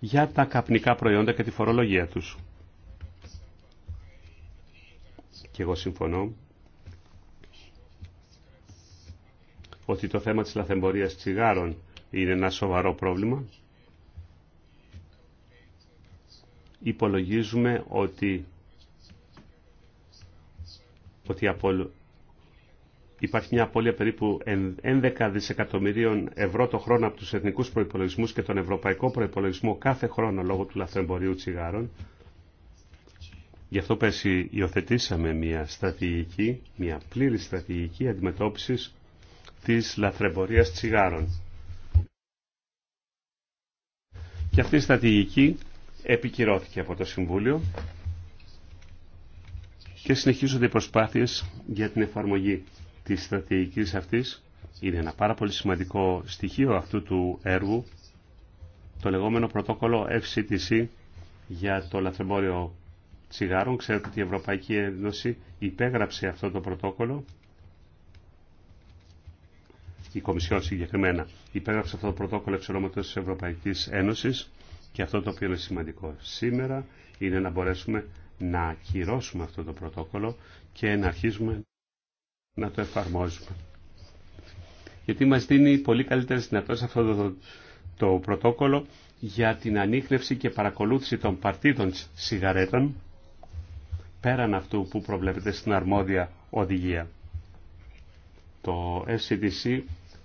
για τα καπνικά προϊόντα και τη φορολογία τους. και εγώ συμφωνώ ότι το θέμα της λαθεμπορίας τσιγάρων είναι ένα σοβαρό πρόβλημα. Υπολογίζουμε ότι, υπάρχει μια απώλεια περίπου 11 δισεκατομμυρίων ευρώ το χρόνο από τους εθνικούς προϋπολογισμούς και τον ευρωπαϊκό προϋπολογισμό κάθε χρόνο λόγω του λαθεμπορίου τσιγάρων. Γι' αυτό πέρσι υιοθετήσαμε μια στρατηγική, μια πλήρη στρατηγική αντιμετώπισης της λαθρεμπορίας τσιγάρων. Και αυτή η στρατηγική επικυρώθηκε από το Συμβούλιο και συνεχίζονται οι προσπάθειες για την εφαρμογή της στρατηγικής αυτής. Είναι ένα πάρα πολύ σημαντικό στοιχείο αυτού του έργου, το λεγόμενο πρωτόκολλο FCTC για το λαθρεμπόριο τσιγάρων. Ξέρετε ότι η Ευρωπαϊκή Ένωση υπέγραψε αυτό το πρωτόκολλο. Η Κομισιόν συγκεκριμένα υπέγραψε αυτό το πρωτόκολλο εξ ονόματος της Ευρωπαϊκής Ένωσης και αυτό το οποίο είναι σημαντικό σήμερα είναι να μπορέσουμε να ακυρώσουμε αυτό το πρωτόκολλο και να αρχίσουμε να το εφαρμόζουμε. Γιατί μας δίνει πολύ καλύτερες δυνατότητες αυτό το, το πρωτόκολλο για την ανείχνευση και παρακολούθηση των παρτίδων σιγαρέτων πέραν αυτού που προβλέπεται στην αρμόδια οδηγία. Το FCDC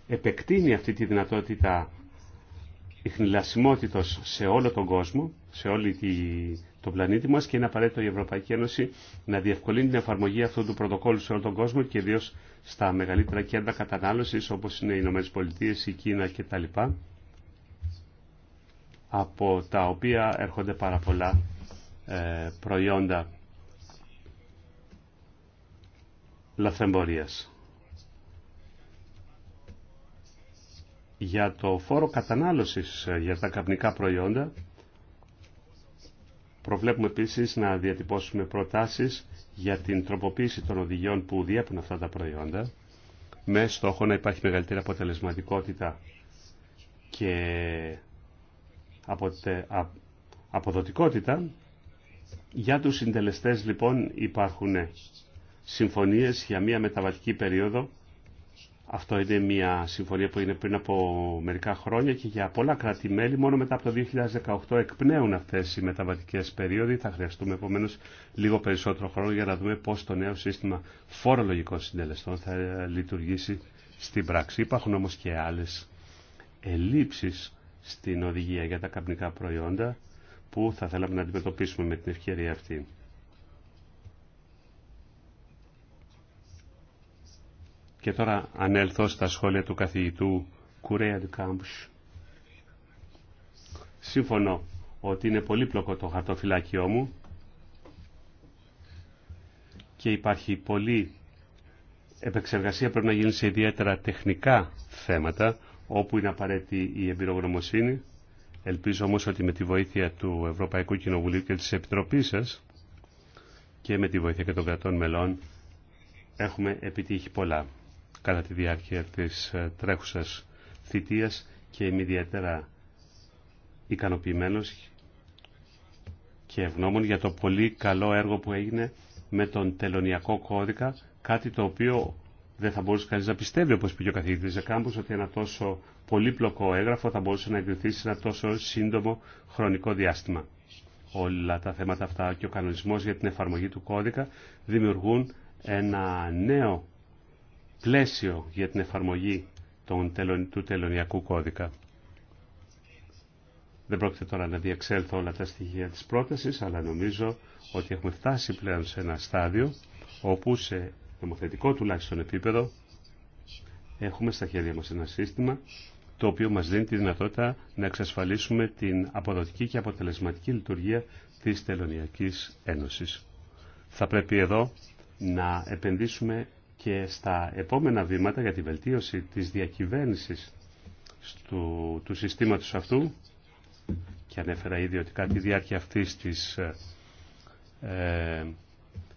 επεκτείνει αυτή τη δυνατότητα ιχνηλασιμότητος σε όλο τον κόσμο, σε όλη τη, τον πλανήτη μας και είναι απαραίτητο η Ευρωπαϊκή Ένωση να διευκολύνει την εφαρμογή αυτού του πρωτοκόλλου σε όλο τον κόσμο και ιδίω στα μεγαλύτερα κέντρα κατανάλωσης όπως είναι οι Ηνωμένες Πολιτείες, η Κίνα κτλ. από τα οποία έρχονται πάρα πολλά ε, προϊόντα λαθρεμπορίας. Για το φόρο κατανάλωσης ε, για τα καπνικά προϊόντα προβλέπουμε επίσης να διατυπώσουμε προτάσεις για την τροποποίηση των οδηγιών που διέπουν αυτά τα προϊόντα με στόχο να υπάρχει μεγαλύτερη αποτελεσματικότητα και αποδοτικότητα. Για τους συντελεστές λοιπόν υπάρχουν συμφωνίες για μια μεταβατική περίοδο. Αυτό είναι μια συμφωνία που είναι πριν από μερικά χρόνια και για πολλά κράτη-μέλη μόνο μετά από το 2018 εκπνέουν αυτές οι μεταβατικές περίοδοι. Θα χρειαστούμε επομένω λίγο περισσότερο χρόνο για να δούμε πώς το νέο σύστημα φορολογικών συντελεστών θα λειτουργήσει στην πράξη. Υπάρχουν όμως και άλλες ελλείψεις στην οδηγία για τα καπνικά προϊόντα που θα θέλαμε να αντιμετωπίσουμε με την ευκαιρία αυτή. Και τώρα ανέλθω στα σχόλια του καθηγητού Κουρέα Ντουκάμπους. Σύμφωνο ότι είναι πολύπλοκο το χαρτοφυλάκιό μου και υπάρχει πολλή επεξεργασία πρέπει να γίνει σε ιδιαίτερα τεχνικά θέματα όπου είναι απαραίτητη η εμπειρογνωμοσύνη. Ελπίζω όμως ότι με τη βοήθεια του Ευρωπαϊκού Κοινοβουλίου και της Επιτροπής σας και με τη βοήθεια και των κρατών μελών έχουμε επιτύχει πολλά κατά τη διάρκεια της ε, τρέχουσας θητείας και είμαι ιδιαίτερα ικανοποιημένος και ευγνώμων για το πολύ καλό έργο που έγινε με τον τελωνιακό κώδικα, κάτι το οποίο δεν θα μπορούσε κανείς να πιστεύει, όπως πήγε ο καθηγητής Ζεκάμπους, ότι ένα τόσο πολύπλοκο έγγραφο θα μπορούσε να εγκριθεί σε ένα τόσο σύντομο χρονικό διάστημα. Όλα τα θέματα αυτά και ο κανονισμός για την εφαρμογή του κώδικα δημιουργούν ένα νέο πλαίσιο για την εφαρμογή του τελωνιακού κώδικα. Δεν πρόκειται τώρα να διεξέλθω όλα τα στοιχεία της πρότασης, αλλά νομίζω ότι έχουμε φτάσει πλέον σε ένα στάδιο όπου σε νομοθετικό τουλάχιστον επίπεδο έχουμε στα χέρια μας ένα σύστημα το οποίο μας δίνει τη δυνατότητα να εξασφαλίσουμε την αποδοτική και αποτελεσματική λειτουργία της Τελωνιακής Ένωσης. Θα πρέπει εδώ να επενδύσουμε και στα επόμενα βήματα για τη βελτίωση της διακυβέρνησης του, του συστήματος αυτού και ανέφερα ήδη ότι κατά τη διάρκεια αυτής της ε,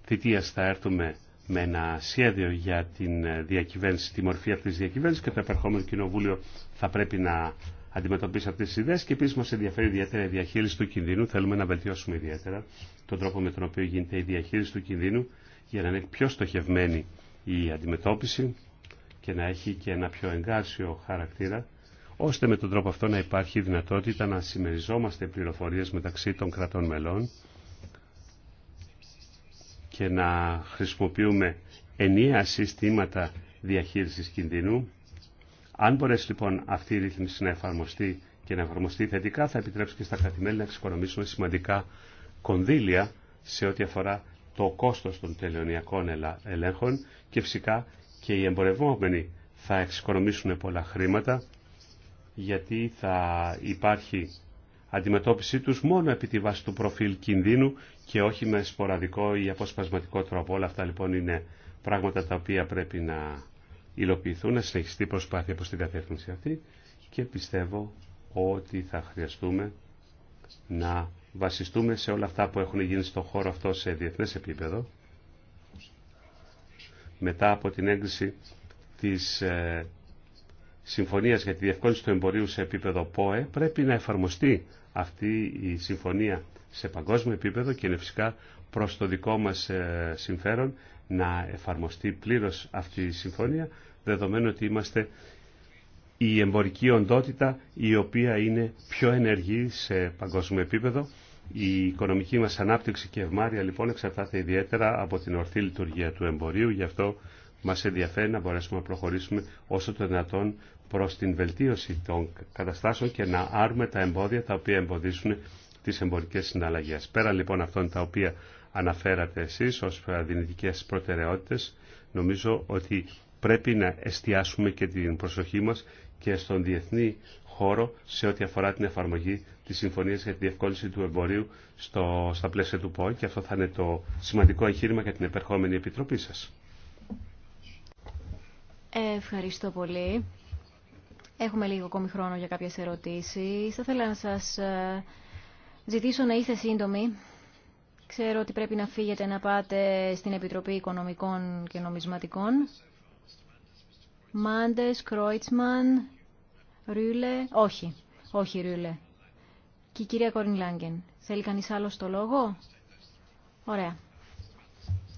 θητείας θα έρθουμε με ένα σχέδιο για την ε, διακυβέρνηση, τη μορφή αυτής της διακυβέρνησης και το επερχόμενο κοινοβούλιο θα πρέπει να αντιμετωπίσει αυτές τις ιδέες και επίσης μας ενδιαφέρει ιδιαίτερα η διαχείριση του κινδύνου. Θέλουμε να βελτιώσουμε ιδιαίτερα τον τρόπο με τον οποίο γίνεται η διαχείριση του κινδύνου για να είναι πιο στοχευμένη η αντιμετώπιση και να έχει και ένα πιο εγκάσιο χαρακτήρα, ώστε με τον τρόπο αυτό να υπάρχει δυνατότητα να συμμεριζόμαστε πληροφορίες μεταξύ των κρατών μελών και να χρησιμοποιούμε ενιαία συστήματα διαχείρισης κινδύνου. Αν μπορέσει λοιπόν αυτή η ρύθμιση να εφαρμοστεί και να εφαρμοστεί θετικά, θα επιτρέψει και στα κρατημέλη να εξοικονομήσουν σημαντικά κονδύλια σε ό,τι αφορά το κόστος των τελειωνιακών ελέγχων και φυσικά και οι εμπορευόμενοι θα εξοικονομήσουν πολλά χρήματα γιατί θα υπάρχει αντιμετώπιση τους μόνο επί τη βάση του προφίλ κινδύνου και όχι με σποραδικό ή αποσπασματικό τρόπο. Όλα αυτά λοιπόν είναι πράγματα τα οποία πρέπει να υλοποιηθούν, να συνεχιστεί η προσπάθεια προς την κατεύθυνση αυτή και πιστεύω ότι θα χρειαστούμε να βασιστούμε σε όλα αυτά που έχουν γίνει στον χώρο αυτό σε διεθνές επίπεδο μετά από την έγκριση της ε, Συμφωνίας για τη Διευκόλυνση του Εμπορίου σε επίπεδο ΠΟΕ πρέπει να εφαρμοστεί αυτή η συμφωνία σε παγκόσμιο επίπεδο και είναι φυσικά προς το δικό μας ε, συμφέρον να εφαρμοστεί πλήρως αυτή η συμφωνία δεδομένου ότι είμαστε η εμπορική οντότητα η οποία είναι πιο ενεργή σε παγκόσμιο επίπεδο. Η οικονομική μας ανάπτυξη και ευμάρεια λοιπόν εξαρτάται ιδιαίτερα από την ορθή λειτουργία του εμπορίου, γι' αυτό μας ενδιαφέρει να μπορέσουμε να προχωρήσουμε όσο το δυνατόν προς την βελτίωση των καταστάσεων και να άρουμε τα εμπόδια τα οποία εμποδίσουν τις εμπορικές συναλλαγές. Πέρα λοιπόν αυτών τα οποία αναφέρατε εσείς ως δυνητικές προτεραιότητες, νομίζω ότι πρέπει να εστιάσουμε και την προσοχή μας και στον διεθνή χώρο σε ό,τι αφορά την εφαρμογή της Συμφωνίας για τη Διευκόλυνση του Εμπορίου στο, στα πλαίσια του ΠΟΕ και αυτό θα είναι το σημαντικό εγχείρημα για την επερχόμενη επιτροπή σας. Ε, ευχαριστώ πολύ. Έχουμε λίγο ακόμη χρόνο για κάποιες ερωτήσεις. Θα ήθελα να σας ε, ζητήσω να είστε σύντομοι. Ξέρω ότι πρέπει να φύγετε να πάτε στην Επιτροπή Οικονομικών και Νομισματικών. Μάντες, Κρόιτσμαν, Ρούλε, όχι, όχι Ρούλε. Και η κυρία Λάγκεν. Θέλει κανεί άλλο το λόγο? Ωραία.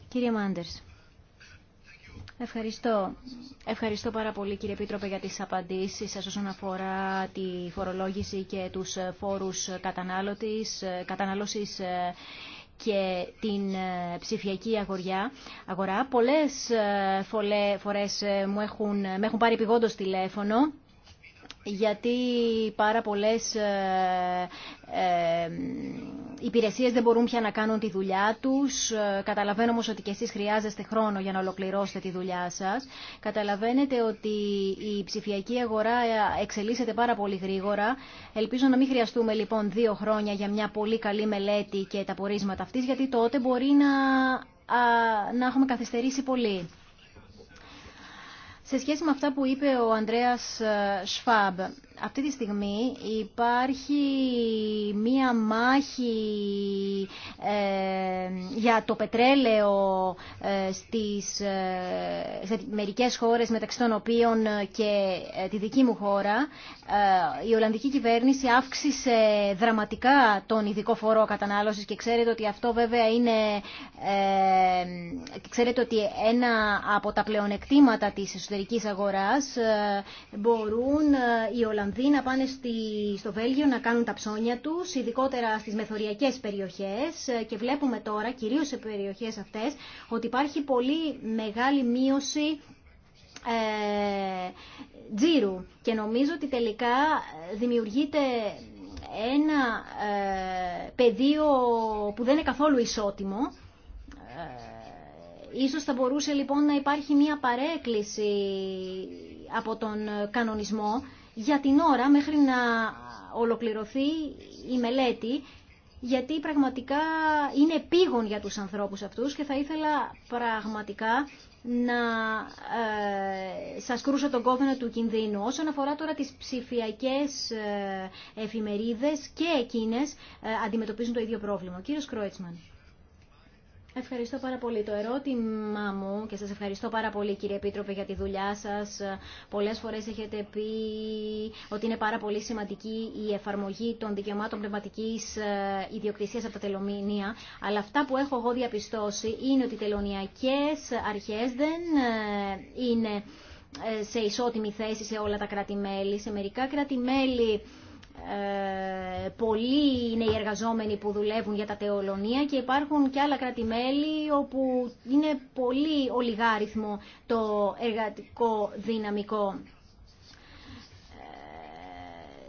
Κύριε Μάντερς. Ευχαριστώ. Ευχαριστώ πάρα πολύ κύριε Πίτροπε για τις απαντήσεις σας όσον αφορά τη φορολόγηση και τους φόρους κατανάλωσης. Ε, και την ε, ψηφιακή αγοριά, αγορά. Πολλές ε, φορές ε, μου έχουν, με έχουν πάρει επιγόντως τηλέφωνο γιατί πάρα πολλές ε, ε, υπηρεσίες δεν μπορούν πια να κάνουν τη δουλειά τους. Ε, καταλαβαίνω όμως ότι και εσείς χρειάζεστε χρόνο για να ολοκληρώσετε τη δουλειά σας. Καταλαβαίνετε ότι η ψηφιακή αγορά εξελίσσεται πάρα πολύ γρήγορα. Ελπίζω να μην χρειαστούμε λοιπόν δύο χρόνια για μια πολύ καλή μελέτη και τα πορίσματα αυτής, γιατί τότε μπορεί να, να έχουμε καθυστερήσει πολύ σε σχέση με αυτά που είπε ο Ανδρέας Σφάμπ. Ε, αυτή τη στιγμή υπάρχει μία μάχη ε, για το πετρέλαιο ε, στις ε, σε μερικές χώρες μεταξύ των οποίων και τη δική μου χώρα. Η Ολλανδική κυβέρνηση αύξησε δραματικά τον ειδικό φορό κατανάλωσης και ξέρετε ότι αυτό βέβαια είναι ξέρετε ότι ένα από τα πλεονεκτήματα της εσωτερικής αγοράς μπορούν οι Ολλανδοί Ολλανδοί να πάνε στο Βέλγιο να κάνουν τα ψώνια τους, ειδικότερα στις μεθοριακές περιοχές ε, και βλέπουμε τώρα, κυρίως σε περιοχές αυτές, ότι υπάρχει πολύ μεγάλη μείωση ε, τζίρου και νομίζω ότι τελικά ε, δημιουργείται ένα ε, πεδίο που δεν είναι καθόλου ισότιμο. Ε, ίσως θα μπορούσε λοιπόν να υπάρχει μια παρέκκληση από τον κανονισμό για την ώρα μέχρι να ολοκληρωθεί η μελέτη γιατί πραγματικά είναι επίγον για τους ανθρώπους αυτούς και θα ήθελα πραγματικά να ε, σας κρούσω τον κόδωνα του κινδύνου. Όσον αφορά τώρα τις ψηφιακές ε, εφημερίδες και εκείνες ε, αντιμετωπίζουν το ίδιο πρόβλημα. κύριος Κρόιτσμαν. Ευχαριστώ πάρα πολύ. Το ερώτημά μου και σας ευχαριστώ πάρα πολύ κύριε Επίτροπε για τη δουλειά σας. Πολλές φορές έχετε πει ότι είναι πάρα πολύ σημαντική η εφαρμογή των δικαιωμάτων πνευματικής ε, ιδιοκτησίας από τα τελωνία. Αλλά αυτά που έχω εγώ διαπιστώσει είναι ότι οι τελωνιακές αρχές δεν ε, είναι ε, σε ισότιμη θέση σε όλα τα κράτη-μέλη. Σε μερικά κράτη-μέλη πολλοί είναι οι εργαζόμενοι που δουλεύουν για τα τεολονία και υπάρχουν και άλλα κράτη-μέλη όπου είναι πολύ ολιγάριθμο το εργατικό δυναμικό.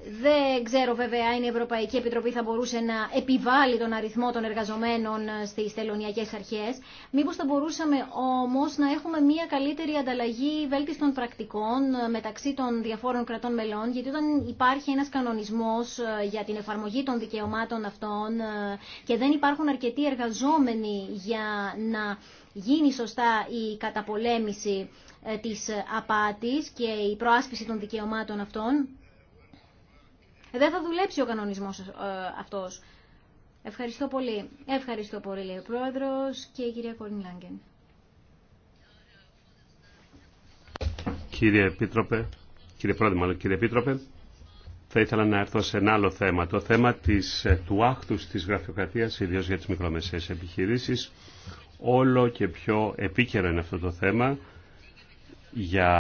Δεν ξέρω βέβαια αν η Ευρωπαϊκή Επιτροπή θα μπορούσε να επιβάλλει τον αριθμό των εργαζομένων στις τελωνιακές αρχές. Μήπως θα μπορούσαμε όμως να έχουμε μια καλύτερη ανταλλαγή βέλτιστων πρακτικών μεταξύ των διαφόρων κρατών μελών, γιατί όταν υπάρχει ένας κανονισμός ε, για την εφαρμογή των δικαιωμάτων αυτών ε, και δεν υπάρχουν αρκετοί εργαζόμενοι για να γίνει σωστά η καταπολέμηση ε, της απάτης και η προάσπιση των δικαιωμάτων αυτών, δεν θα δουλέψει ο κανονισμός ε, αυτός. Ευχαριστώ πολύ. Ευχαριστώ πολύ, λέει ο Πρόεδρος και η κυρία Κορίν Λάγκεν. Κύριε Επίτροπε, κύριε Πρόεδρε, Επίτροπε, θα ήθελα να έρθω σε ένα άλλο θέμα. Το θέμα της, ε, του άκτους της γραφειοκρατίας, ιδίως για τις μικρομεσαίες επιχειρήσεις. Όλο και πιο επίκαιρο είναι αυτό το θέμα για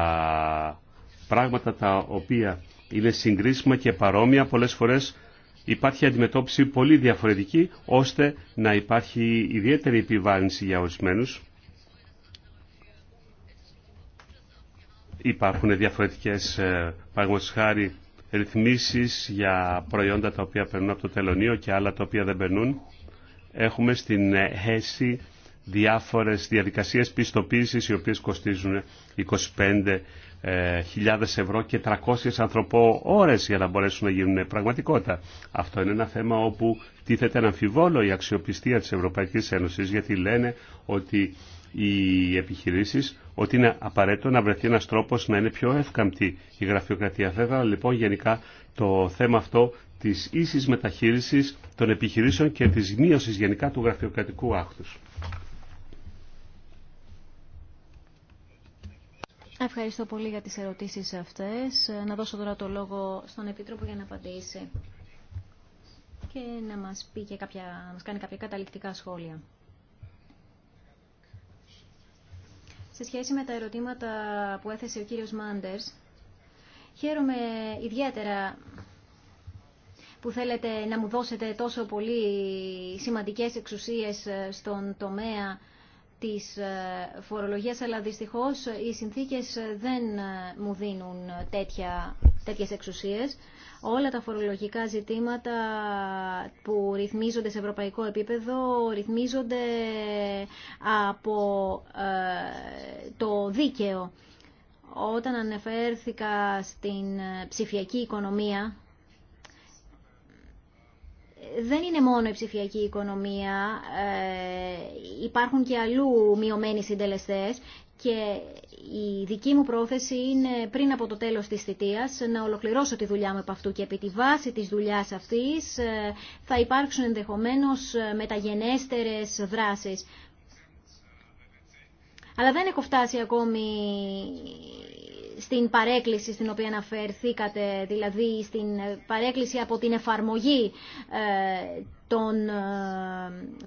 πράγματα τα οποία είναι συγκρίσιμα και παρόμοια. Πολλές φορές υπάρχει αντιμετώπιση πολύ διαφορετική ώστε να υπάρχει ιδιαίτερη επιβάρυνση για ορισμένου. Υπάρχουν διαφορετικές ε, χάρη ρυθμίσεις για προϊόντα τα οποία περνούν από το τελωνίο και άλλα τα οποία δεν περνούν. Έχουμε στην Χέση διάφορες διαδικασίες πιστοποίησης οι οποίες κοστίζουν 25 ε, χιλιάδες ευρώ και 300 ώρες για να μπορέσουν να γίνουν πραγματικότητα. Αυτό είναι ένα θέμα όπου τίθεται να αμφιβόλο η αξιοπιστία της Ευρωπαϊκής Ένωσης γιατί λένε ότι οι επιχειρήσεις ότι είναι απαραίτητο να βρεθεί ένας τρόπος να είναι πιο εύκαμπτη η γραφειοκρατία. Βέβαια λοιπόν γενικά το θέμα αυτό της ίσης μεταχείρισης των επιχειρήσεων και της μείωσης γενικά του γραφειοκρατικού άκτους. Ευχαριστώ πολύ για τις ερωτήσεις αυτές. Να δώσω τώρα το λόγο στον Επίτροπο για να απαντήσει και να μας, πει και κάποια, να μας κάνει κάποια καταληκτικά σχόλια. Σε σχέση με τα ερωτήματα που έθεσε ο κύριος Μάντερς, χαίρομαι ιδιαίτερα που θέλετε να μου δώσετε τόσο πολύ σημαντικές εξουσίες στον τομέα της ε, φορολογίας, αλλά δυστυχώς οι συνθήκες δεν ε, μου δίνουν τέτοια, τέτοιες εξουσίες. Όλα τα φορολογικά ζητήματα που ρυθμίζονται σε ευρωπαϊκό επίπεδο ρυθμίζονται από ε, το δίκαιο. Όταν ανεφέρθηκα στην ψηφιακή οικονομία, δεν είναι μόνο η ψηφιακή οικονομία, ε, υπάρχουν και αλλού μειωμένοι συντελεστές και η δική μου πρόθεση είναι πριν από το τέλος της θητείας να ολοκληρώσω τη δουλειά μου από αυτού και επί τη βάση της δουλειάς αυτής ε, θα υπάρξουν ενδεχομένως ε, μεταγενέστερες δράσεις. Αλλά δεν έχω φτάσει ακόμη στην παρέκκληση στην οποία αναφερθήκατε, δηλαδή στην παρέκκληση από την εφαρμογή ε, των, ε,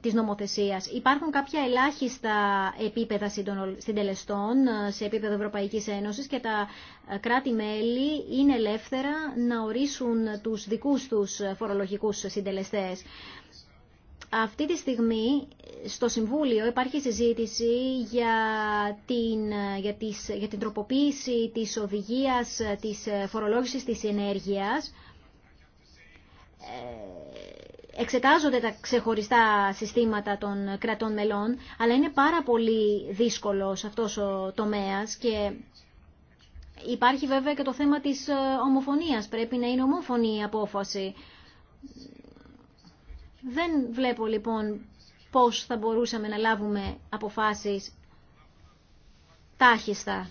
της νομοθεσίας. Υπάρχουν κάποια ελάχιστα επίπεδα συντελεστών ε, σε επίπεδο Ευρωπαϊκής Ένωσης και τα κράτη-μέλη είναι ελεύθερα να ορίσουν τους δικούς τους φορολογικούς συντελεστές. Αυτή τη στιγμή στο Συμβούλιο υπάρχει συζήτηση για την, για τις, για την τροποποίηση της οδηγίας της φορολόγησης της ενέργειας. Ε, εξετάζονται τα ξεχωριστά συστήματα των κρατών μελών, αλλά είναι πάρα πολύ δύσκολος αυτός ο τομέας και υπάρχει βέβαια και το θέμα της ε, ομοφωνίας. Πρέπει να είναι ομόφωνη η απόφαση δεν βλέπω λοιπόν πώς θα μπορούσαμε να λάβουμε αποφάσεις τάχιστα.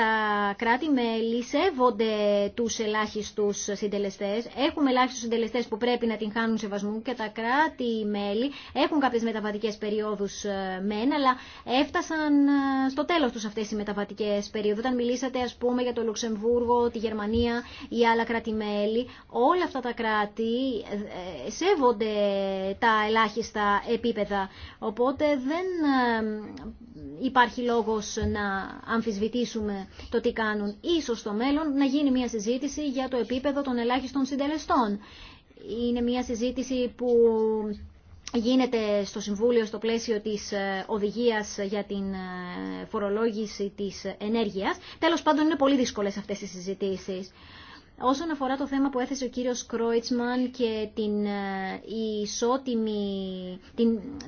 τα κράτη-μέλη σέβονται τους ελάχιστους συντελεστές. Έχουμε ελάχιστους συντελεστές που πρέπει να την χάνουν σεβασμού και τα κράτη-μέλη έχουν κάποιες μεταβατικές περιόδους ε, μεν, αλλά έφτασαν ε, στο τέλος τους αυτές οι μεταβατικές περιόδους. Όταν μιλήσατε ας πούμε για το Λουξεμβούργο, τη Γερμανία ή άλλα κράτη-μέλη, όλα αυτά τα κράτη ε, σέβονται τα ελάχιστα επίπεδα. Οπότε δεν υπάρχει λόγος να αμφισβητήσουμε το τι κάνουν. Ίσως στο μέλλον να γίνει μια συζήτηση για το επίπεδο των ελάχιστων συντελεστών. Είναι μια συζήτηση που γίνεται στο Συμβούλιο στο πλαίσιο της ε, οδηγίας για την ε, φορολόγηση της ενέργειας. Τέλος πάντων είναι πολύ δύσκολες αυτές οι συζητήσεις. Όσον αφορά το θέμα που έθεσε ο κύριος Κρόιτσμαν και την ε, ισότιμη,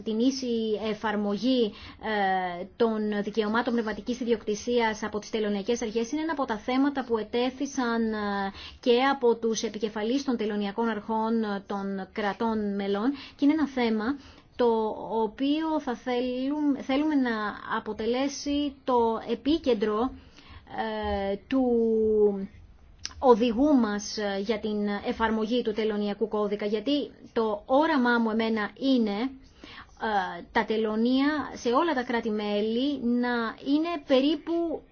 την, ίση εφαρμογή ε, των δικαιωμάτων πνευματικής ιδιοκτησίας από τις τελωνιακές αρχές είναι ένα από τα θέματα που ετέθησαν ε, και από τους επικεφαλείς των τελωνιακών αρχών των κρατών μελών και είναι ένα θέμα το οποίο θα θέλουμε, θέλουμε να αποτελέσει το επίκεντρο του οδηγού μας ε, για την εφαρμογή του τελωνιακού κώδικα, γιατί το όραμά μου εμένα είναι ε, τα τελωνία σε όλα τα κράτη-μέλη να είναι περίπου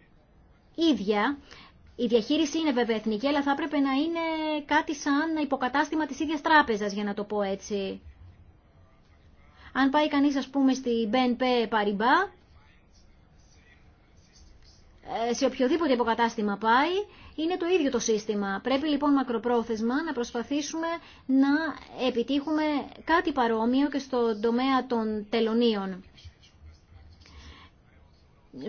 ίδια. Η διαχείριση είναι βέβαια εθνική, αλλά θα έπρεπε να είναι κάτι σαν υποκατάστημα της ίδιας τράπεζας, για να το πω έτσι. Αν πάει κανείς, ας πούμε, στη BNP Paribas, ε, σε οποιοδήποτε υποκατάστημα πάει, είναι το ίδιο το σύστημα. Πρέπει λοιπόν μακροπρόθεσμα να προσπαθήσουμε να επιτύχουμε κάτι παρόμοιο και στον τομέα των τελωνίων.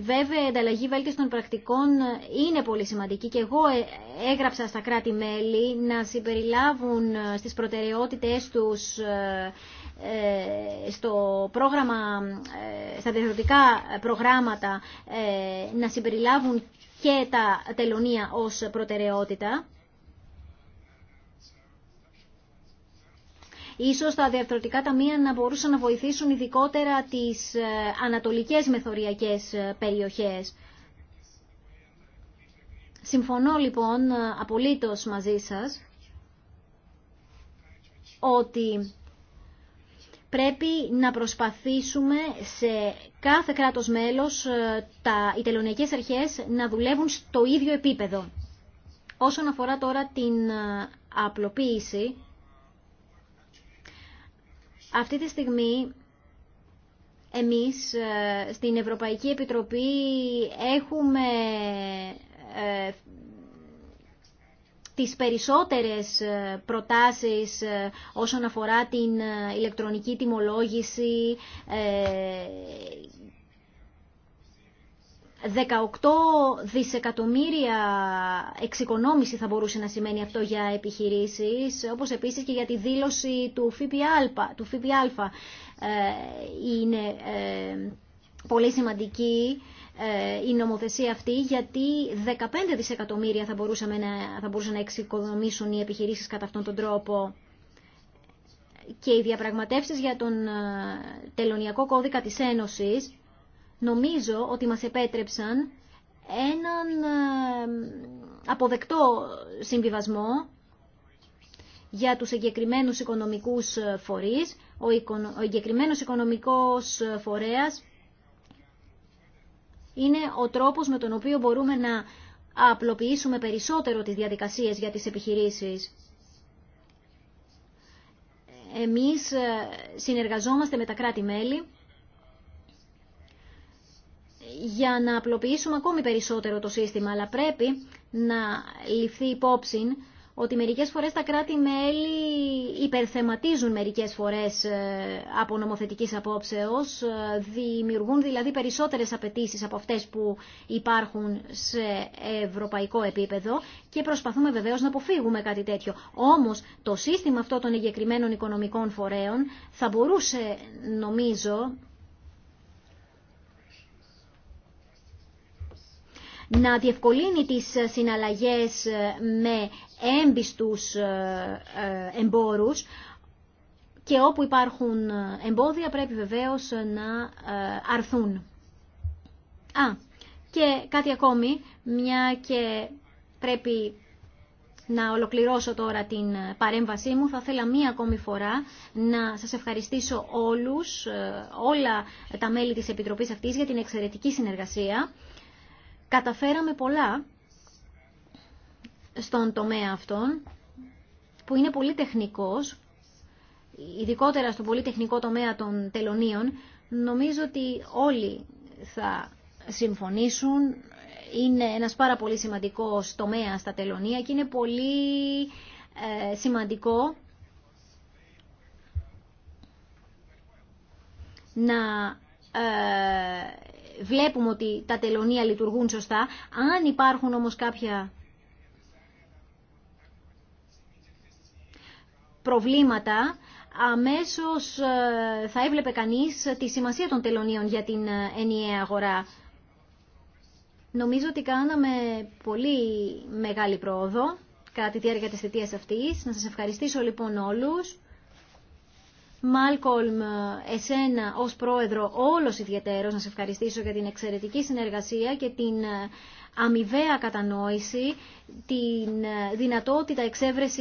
Βέβαια, η ανταλλαγή των πρακτικών είναι πολύ σημαντική και εγώ ε, έγραψα στα κράτη-μέλη να συμπεριλάβουν ε, στις προτεραιότητες τους ε, στο πρόγραμμα, ε, στα διευθυντικά προγράμματα ε, να συμπεριλάβουν και τα τελωνία ως προτεραιότητα. Ίσως τα διαρθρωτικά ταμεία να μπορούσαν να βοηθήσουν ειδικότερα τις ανατολικές μεθοριακές περιοχές. Συμφωνώ λοιπόν απολύτως μαζί σας ότι πρέπει να προσπαθήσουμε σε κάθε κράτος μέλος ε, τα, οι τελωνιακές αρχές να δουλεύουν στο ίδιο επίπεδο. Όσον αφορά τώρα την ε, απλοποίηση, αυτή τη στιγμή εμείς ε, στην Ευρωπαϊκή Επιτροπή έχουμε τις περισσότερες ε, προτάσεις ε, όσον αφορά την ε, ηλεκτρονική τιμολόγηση 18 δισεκατομμύρια εξοικονόμηση θα μπορούσε να σημαίνει αυτό για επιχειρήσεις, όπως επίσης και για τη δήλωση του ΦΠΑ. Του ΦΠΑ. είναι πολύ σημαντική ε, η νομοθεσία αυτή, γιατί 15 δισεκατομμύρια θα, μπορούσαμε να, θα μπορούσαν να εξοικονομήσουν οι επιχειρήσεις κατά αυτόν τον τρόπο. Και οι διαπραγματεύσεις για τον ε, τελωνιακό κώδικα της Ένωσης νομίζω ότι μας επέτρεψαν έναν ε, αποδεκτό συμβιβασμό για τους εγκεκριμένους οικονομικούς φορείς. Ο εγκεκριμένος οικονομικός φορέας είναι ο τρόπος με τον οποίο μπορούμε να απλοποιήσουμε περισσότερο τις διαδικασίες για τις επιχειρήσεις. Εμείς ε, συνεργαζόμαστε με τα κράτη-μέλη για να απλοποιήσουμε ακόμη περισσότερο το σύστημα, αλλά πρέπει να ληφθεί υπόψη ότι μερικές φορές τα κράτη-μέλη υπερθεματίζουν μερικές φορές ε, από νομοθετικής απόψεως, ε, δημιουργούν δηλαδή περισσότερες απαιτήσεις από αυτές που υπάρχουν σε ευρωπαϊκό επίπεδο και προσπαθούμε βεβαίως να αποφύγουμε κάτι τέτοιο. Όμως το σύστημα αυτό των εγκεκριμένων οικονομικών φορέων θα μπορούσε νομίζω να διευκολύνει τις ε, συναλλαγές ε, με έμπιστους ε, εμπόρους και όπου υπάρχουν εμπόδια πρέπει βεβαίως να αρθούν. Α, και κάτι ακόμη, μια και πρέπει να ολοκληρώσω τώρα την παρέμβασή μου. Θα θέλα μία ακόμη φορά να σας ευχαριστήσω όλους, όλα τα μέλη της Επιτροπής αυτής για την εξαιρετική συνεργασία Καταφέραμε πολλά στον τομέα αυτόν, που είναι πολύ τεχνικός, ειδικότερα στον πολύ τεχνικό τομέα των τελωνίων, νομίζω ότι όλοι θα συμφωνήσουν. Είναι ένας πάρα πολύ σημαντικός τομέας στα τελωνία και είναι πολύ ε, σημαντικό να ε, βλέπουμε ότι τα τελωνία λειτουργούν σωστά. Αν υπάρχουν όμως κάποια προβλήματα, αμέσως ε, θα έβλεπε κανείς τη σημασία των τελωνίων για την ε, ενιαία αγορά. Νομίζω ότι κάναμε πολύ μεγάλη πρόοδο κατά τη διάρκεια της θετίας αυτής. Να σας ευχαριστήσω λοιπόν όλους. Μάλκολμ, εσένα ως πρόεδρο όλος ιδιαίτερος να σε ευχαριστήσω για την εξαιρετική συνεργασία και την ε, αμοιβαία κατανόηση, την ε, δυνατότητα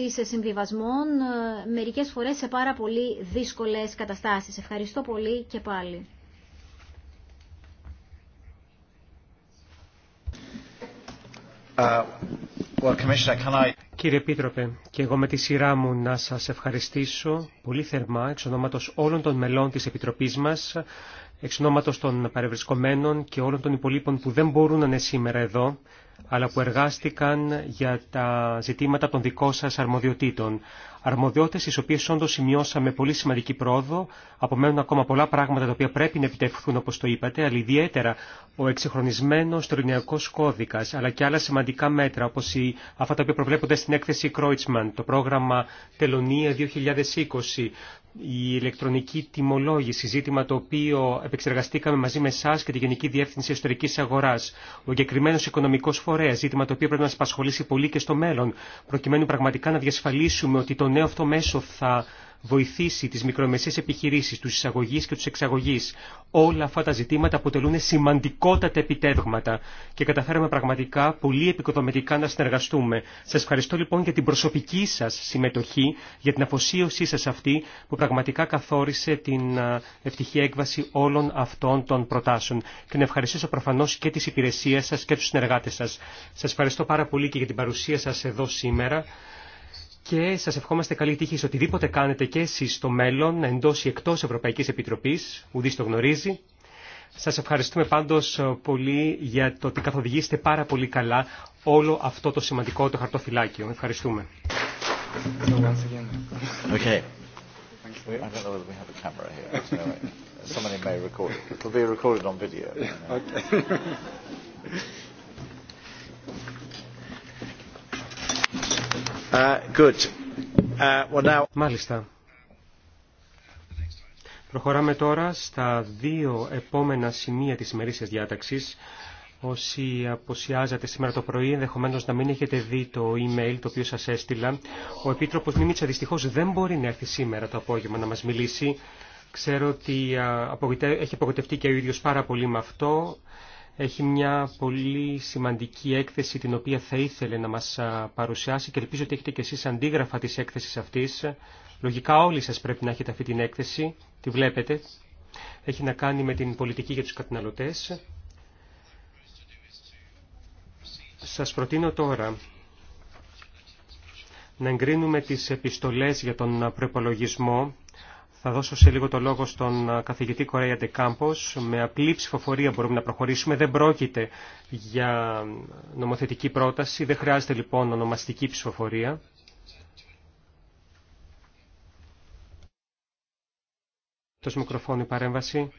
σε συμβιβασμών, ε, μερικές φορές σε πάρα πολύ δύσκολες καταστάσεις. Ευχαριστώ πολύ και πάλι. Κύριε Επίτροπε, και εγώ με τη σειρά μου να σας ευχαριστήσω πολύ θερμά εξ ονόματος όλων των μελών της Επιτροπής μας, εξ ονόματος των παρευρισκομένων και όλων των υπολείπων που δεν μπορούν να είναι σήμερα εδώ, αλλά που εργάστηκαν για τα ζητήματα των δικών σας αρμοδιοτήτων. Αρμοδιότητες τις οποίες όντως σημειώσαμε πολύ σημαντική πρόοδο, απομένουν ακόμα πολλά πράγματα τα οποία πρέπει να επιτευχθούν όπως το είπατε, αλλά ιδιαίτερα ο εξυγχρονισμένος τελωνιακός κώδικας, αλλά και άλλα σημαντικά μέτρα όπως η, αυτά τα οποία προβλέπονται στην έκθεση Κρόιτσμαν, το πρόγραμμα Τελωνία 2020, η ηλεκτρονική τιμολόγηση, ζήτημα το οποίο επεξεργαστήκαμε μαζί με εσά και τη Γενική Διεύθυνση Εσωτερική Αγορά, ο εγκεκριμένο οικονομικό φορέα, ζήτημα το οποίο πρέπει να σα απασχολήσει πολύ και στο μέλλον, προκειμένου πραγματικά να διασφαλίσουμε ότι το νέο αυτό μέσο θα βοηθήσει τις μικρομεσαίες επιχειρήσεις, τους εισαγωγείς και τους εξαγωγείς. Όλα αυτά τα ζητήματα αποτελούν σημαντικότατα επιτεύγματα και καταφέραμε πραγματικά πολύ επικοδομητικά να συνεργαστούμε. Σας ευχαριστώ λοιπόν για την προσωπική σας συμμετοχή, για την αφοσίωσή σας αυτή που πραγματικά καθόρισε την ευτυχή έκβαση όλων αυτών των προτάσεων. Και να ευχαριστήσω προφανώς και τις υπηρεσίες σας και τους συνεργάτες σας. Σας ευχαριστώ πάρα πολύ και για την παρουσία σας εδώ σήμερα και σας ευχόμαστε καλή τύχη σε οτιδήποτε κάνετε και εσείς στο μέλλον, εντός ή εκτός Ευρωπαϊκής Επιτροπής, ουδής το γνωρίζει. Σας ευχαριστούμε πάντως ε, πολύ για το ότι καθοδηγήσετε πάρα πολύ καλά όλο αυτό το σημαντικό το χαρτοφυλάκιο. Ευχαριστούμε. Okay. Uh, uh, Μάλιστα. Προχωράμε τώρα στα δύο επόμενα σημεία της ημερήσιας διάταξης. Όσοι αποσιάζατε σήμερα το πρωί, ενδεχομένως να μην έχετε δει το email το οποίο σας έστειλα. Ο Επίτροπος Μιμίτσα δυστυχώς δεν μπορεί να έρθει σήμερα το απόγευμα να μας μιλήσει. Ξέρω ότι έχει απογοητευτεί και ο ίδιος πάρα πολύ με αυτό έχει μια πολύ σημαντική έκθεση την οποία θα ήθελε να μας παρουσιάσει και ελπίζω ότι έχετε και εσείς αντίγραφα της έκθεσης αυτής. Λογικά όλοι σας πρέπει να έχετε αυτή την έκθεση, τη βλέπετε. Έχει να κάνει με την πολιτική για τους καταναλωτές. Σας προτείνω τώρα να εγκρίνουμε τις επιστολές για τον προπολογισμό θα δώσω σε λίγο το λόγο στον καθηγητή Κορέα Ντεκάμπος. Με απλή ψηφοφορία μπορούμε να προχωρήσουμε. Δεν πρόκειται για νομοθετική πρόταση. Δεν χρειάζεται λοιπόν ονομαστική ψηφοφορία. Το μικροφόνο η παρέμβαση.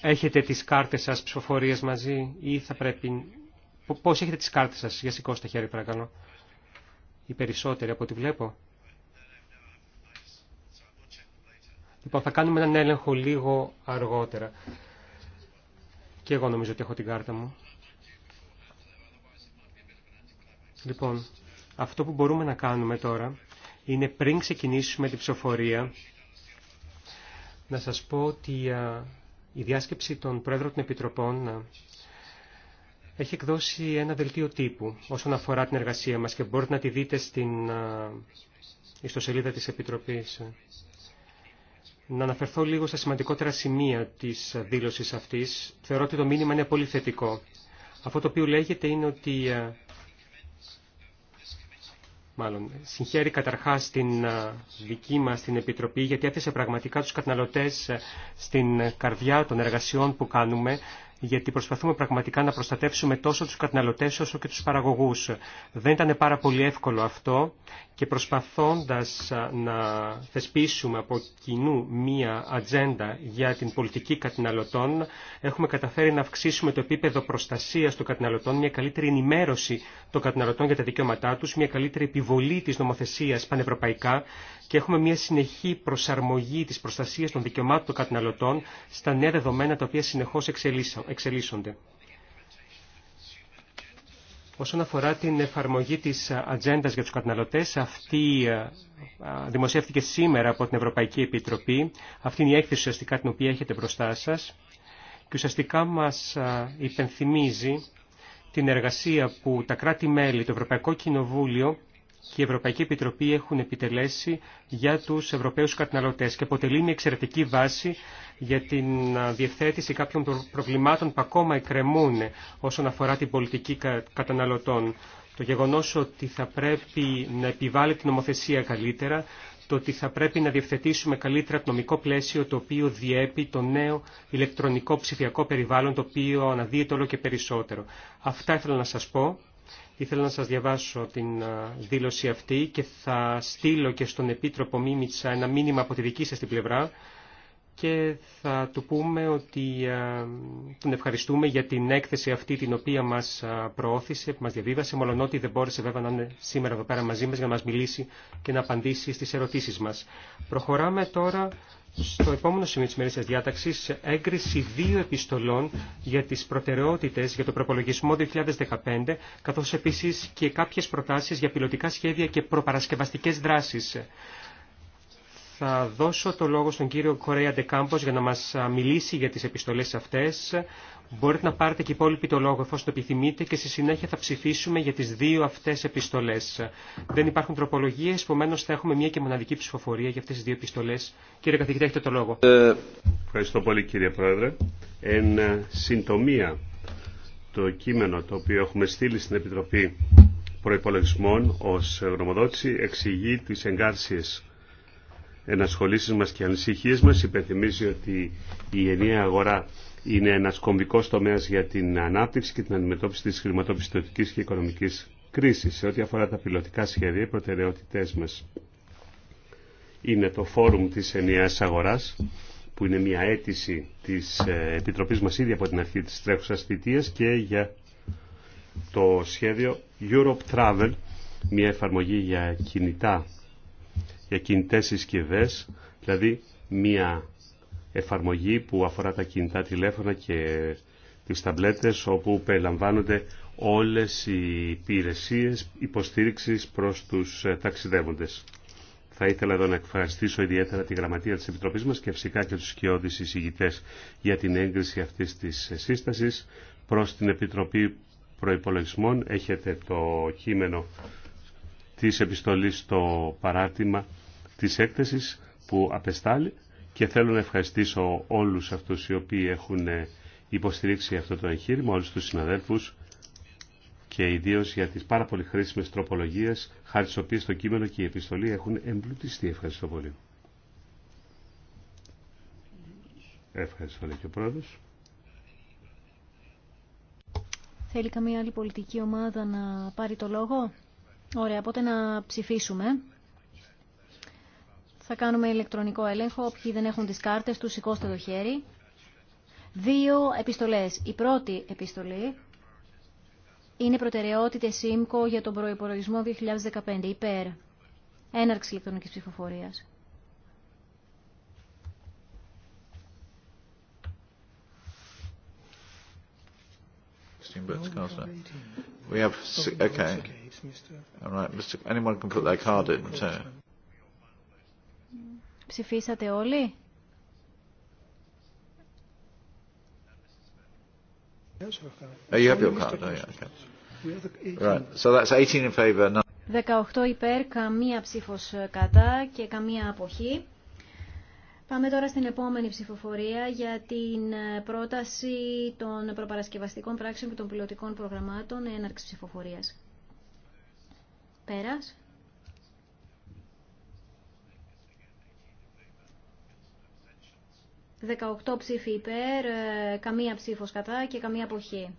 Έχετε τις κάρτες σας ψηφοφορίες μαζί ή θα πρέπει... Πώς έχετε τις κάρτες σας. Για σηκώστε χέρι παρακαλώ. Οι περισσότεροι από ό,τι βλέπω. Λοιπόν, θα κάνουμε έναν έλεγχο λίγο αργότερα. Και εγώ νομίζω ότι έχω την κάρτα μου. Λοιπόν, αυτό που μπορούμε να κάνουμε τώρα είναι πριν ξεκινήσουμε την ψηφοφορία να σας πω ότι η διάσκεψη των Πρόεδρων των Επιτροπών έχει εκδώσει ένα δελτίο τύπου όσον αφορά την εργασία μας και μπορείτε να τη δείτε στην ιστοσελίδα της Επιτροπής να αναφερθώ λίγο στα σημαντικότερα σημεία της δήλωσης αυτής. Θεωρώ ότι το μήνυμα είναι πολύ θετικό. Αυτό το οποίο λέγεται είναι ότι ε, μάλλον συγχαίρει καταρχάς την ε, δική μας την Επιτροπή γιατί έθεσε πραγματικά τους καταναλωτές ε, στην καρδιά των εργασιών που κάνουμε γιατί προσπαθούμε πραγματικά να προστατεύσουμε τόσο τους καταναλωτές όσο και τους παραγωγούς. Δεν ήταν πάρα πολύ εύκολο αυτό και προσπαθώντας να θεσπίσουμε από κοινού μία ατζέντα για την πολιτική καταναλωτών, έχουμε καταφέρει να αυξήσουμε το επίπεδο προστασίας των καταναλωτών, μια καλύτερη ενημέρωση των καταναλωτών για τα δικαιώματά τους, μια καλύτερη επιβολή της νομοθεσίας πανευρωπαϊκά και έχουμε μια συνεχή προσαρμογή της προστασίας των δικαιωμάτων των καταναλωτών στα νέα δεδομένα τα οποία συνεχώς εξελίσσονται. Όσον αφορά την εφαρμογή της ατζέντα για τους καταναλωτές, αυτή ε, δημοσιεύτηκε σήμερα από την Ευρωπαϊκή Επιτροπή. Αυτή είναι η έκθεση ουσιαστικά την οποία έχετε μπροστά σας και ουσιαστικά μας υπενθυμίζει την εργασία που τα κράτη-μέλη, το Ευρωπαϊκό Κοινοβούλιο και η Ευρωπαϊκή Επιτροπή έχουν επιτελέσει για τους Ευρωπαίους καταναλωτές και αποτελεί μια εξαιρετική βάση για την διευθέτηση κάποιων προβλημάτων που ακόμα εκκρεμούν όσον αφορά την πολιτική καταναλωτών. Το γεγονός ότι θα πρέπει να επιβάλλει την νομοθεσία καλύτερα, το ότι θα πρέπει να διευθετήσουμε καλύτερα το νομικό πλαίσιο το οποίο διέπει το νέο ηλεκτρονικό ψηφιακό περιβάλλον το οποίο αναδύεται όλο και περισσότερο. Αυτά ήθελα να σας πω. Ήθελα να σας διαβάσω την δήλωση αυτή και θα στείλω και στον Επίτροπο Μίμητσα ένα μήνυμα από τη δική σας την πλευρά και θα του πούμε ότι τον ευχαριστούμε για την έκθεση αυτή την οποία μας προώθησε, που μας διαβίβασε, μόλον ότι δεν μπόρεσε βέβαια να είναι σήμερα εδώ πέρα μαζί μας για να μας μιλήσει και να απαντήσει στις ερωτήσεις μας. Προχωράμε τώρα στο επόμενο σημείο της της διάταξης, έγκριση δύο επιστολών για τις προτεραιότητες για το προπολογισμό 2015, καθώς επίσης και κάποιες προτάσεις για πιλωτικά σχέδια και προπαρασκευαστικές δράσεις. Θα δώσω το λόγο στον κύριο Κορέα Ντεκάμπος για να μας μιλήσει για τις επιστολές αυτές. Μπορείτε να πάρετε και υπόλοιποι το λόγο εφόσον το επιθυμείτε και στη συνέχεια θα ψηφίσουμε για τις δύο αυτές επιστολές. Δεν υπάρχουν τροπολογίες, επομένως θα έχουμε μια και μοναδική ψηφοφορία για αυτές τις δύο επιστολές. Κύριε Καθηγητή, έχετε το λόγο. Ευχαριστώ πολύ κύριε Πρόεδρε. Εν συντομία, το κείμενο το οποίο έχουμε στείλει στην Επιτροπή Προϋπολογισμών ως γνωμοδότηση εξηγεί τις εγκάρσεις ενασχολήσεις μας και ανησυχίες μας. Υπενθυμίζει ότι η ενιαία αγορά είναι ένα κομβικό τομέα για την ανάπτυξη και την αντιμετώπιση της χρηματοπιστωτικής και οικονομικής κρίσης. Σε ό,τι αφορά τα πιλωτικά σχέδια, οι προτεραιότητές μας είναι το φόρουμ της ενιαίας αγοράς, που είναι μια αίτηση της ε, Επιτροπής μας ήδη από την αρχή τη τρέχουσας θητείας και για το σχέδιο Europe Travel, μια εφαρμογή για κινητά, για κινητές συσκευές, δηλαδή μια εφαρμογή που αφορά τα κινητά τηλέφωνα και τις ταμπλέτες όπου περιλαμβάνονται όλες οι υπηρεσίε υποστήριξης προς τους ε, ταξιδεύοντες. Θα ήθελα εδώ να ευχαριστήσω ιδιαίτερα τη Γραμματεία της Επιτροπής μας και φυσικά και τους σκιώδεις εισηγητές για την έγκριση αυτής της ε, σύστασης προς την Επιτροπή Προϋπολογισμών. Έχετε το κείμενο της επιστολής στο παράρτημα της έκθεσης που απεστάλλει και θέλω να ευχαριστήσω όλους αυτούς οι οποίοι έχουν ε, υποστηρίξει αυτό το εγχείρημα, όλους τους συναδέλφους και ιδίω για τις πάρα πολύ χρήσιμες τροπολογίες, χάρη στις οποίες το κείμενο και η επιστολή έχουν εμπλουτιστεί. Ευχαριστώ πολύ. Ευχαριστώ λέει και ο πρόεδρος. Θέλει καμία άλλη πολιτική ομάδα να πάρει το λόγο. Ωραία, οπότε να ψηφίσουμε. Θα κάνουμε ηλεκτρονικό έλεγχο. Όποιοι δεν έχουν τις κάρτες του σηκώστε το χέρι. Δύο επιστολές. Η πρώτη επιστολή είναι προτεραιότητε ΣΥΜΚΟ για τον προϋπολογισμό 2015. Υπέρ. Έναρξη ηλεκτρονικής ψηφοφορίας. We have okay. All right, anyone can put their card in. Ψηφίσατε όλοι. 18 υπέρ, καμία ψήφος ε, κατά και καμία αποχή. Πάμε τώρα στην επόμενη ψηφοφορία για την ε, πρόταση των προπαρασκευαστικών πράξεων και των πιλωτικών προγραμμάτων έναρξη ψηφοφορίας. Πέρας. 18 ψήφοι υπέρ, ε, καμία ψήφος κατά και καμία αποχή.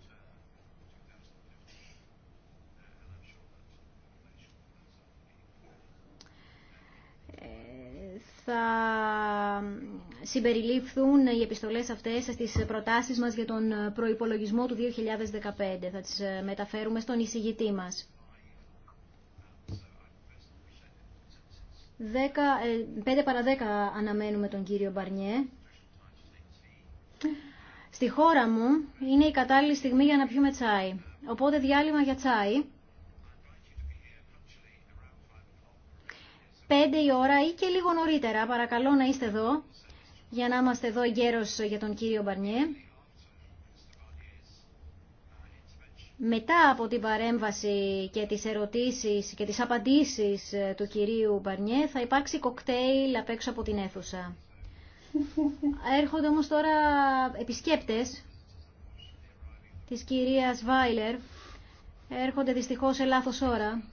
θα συμπεριλήφθουν οι επιστολές αυτές στις προτάσεις μας για τον προϋπολογισμό του 2015. Θα τις ε, μεταφέρουμε στον εισηγητή μας. 10, 5 παρα 10 αναμένουμε τον κύριο Μπαρνιέ. Στη χώρα μου είναι η κατάλληλη στιγμή για να πιούμε τσάι. Οπότε διάλειμμα για τσάι. πέντε η ώρα ή και λίγο νωρίτερα, παρακαλώ να είστε εδώ, για να είμαστε εδώ γέρος για τον κύριο Μπαρνιέ. Μετά από την παρέμβαση και τις ερωτήσεις και τις απαντήσεις του κυρίου Μπαρνιέ θα υπάρξει κοκτέιλ απ' έξω από την αίθουσα. Έρχονται όμως τώρα επισκέπτες της κυρίας Βάιλερ. Έρχονται δυστυχώς σε λάθος ώρα.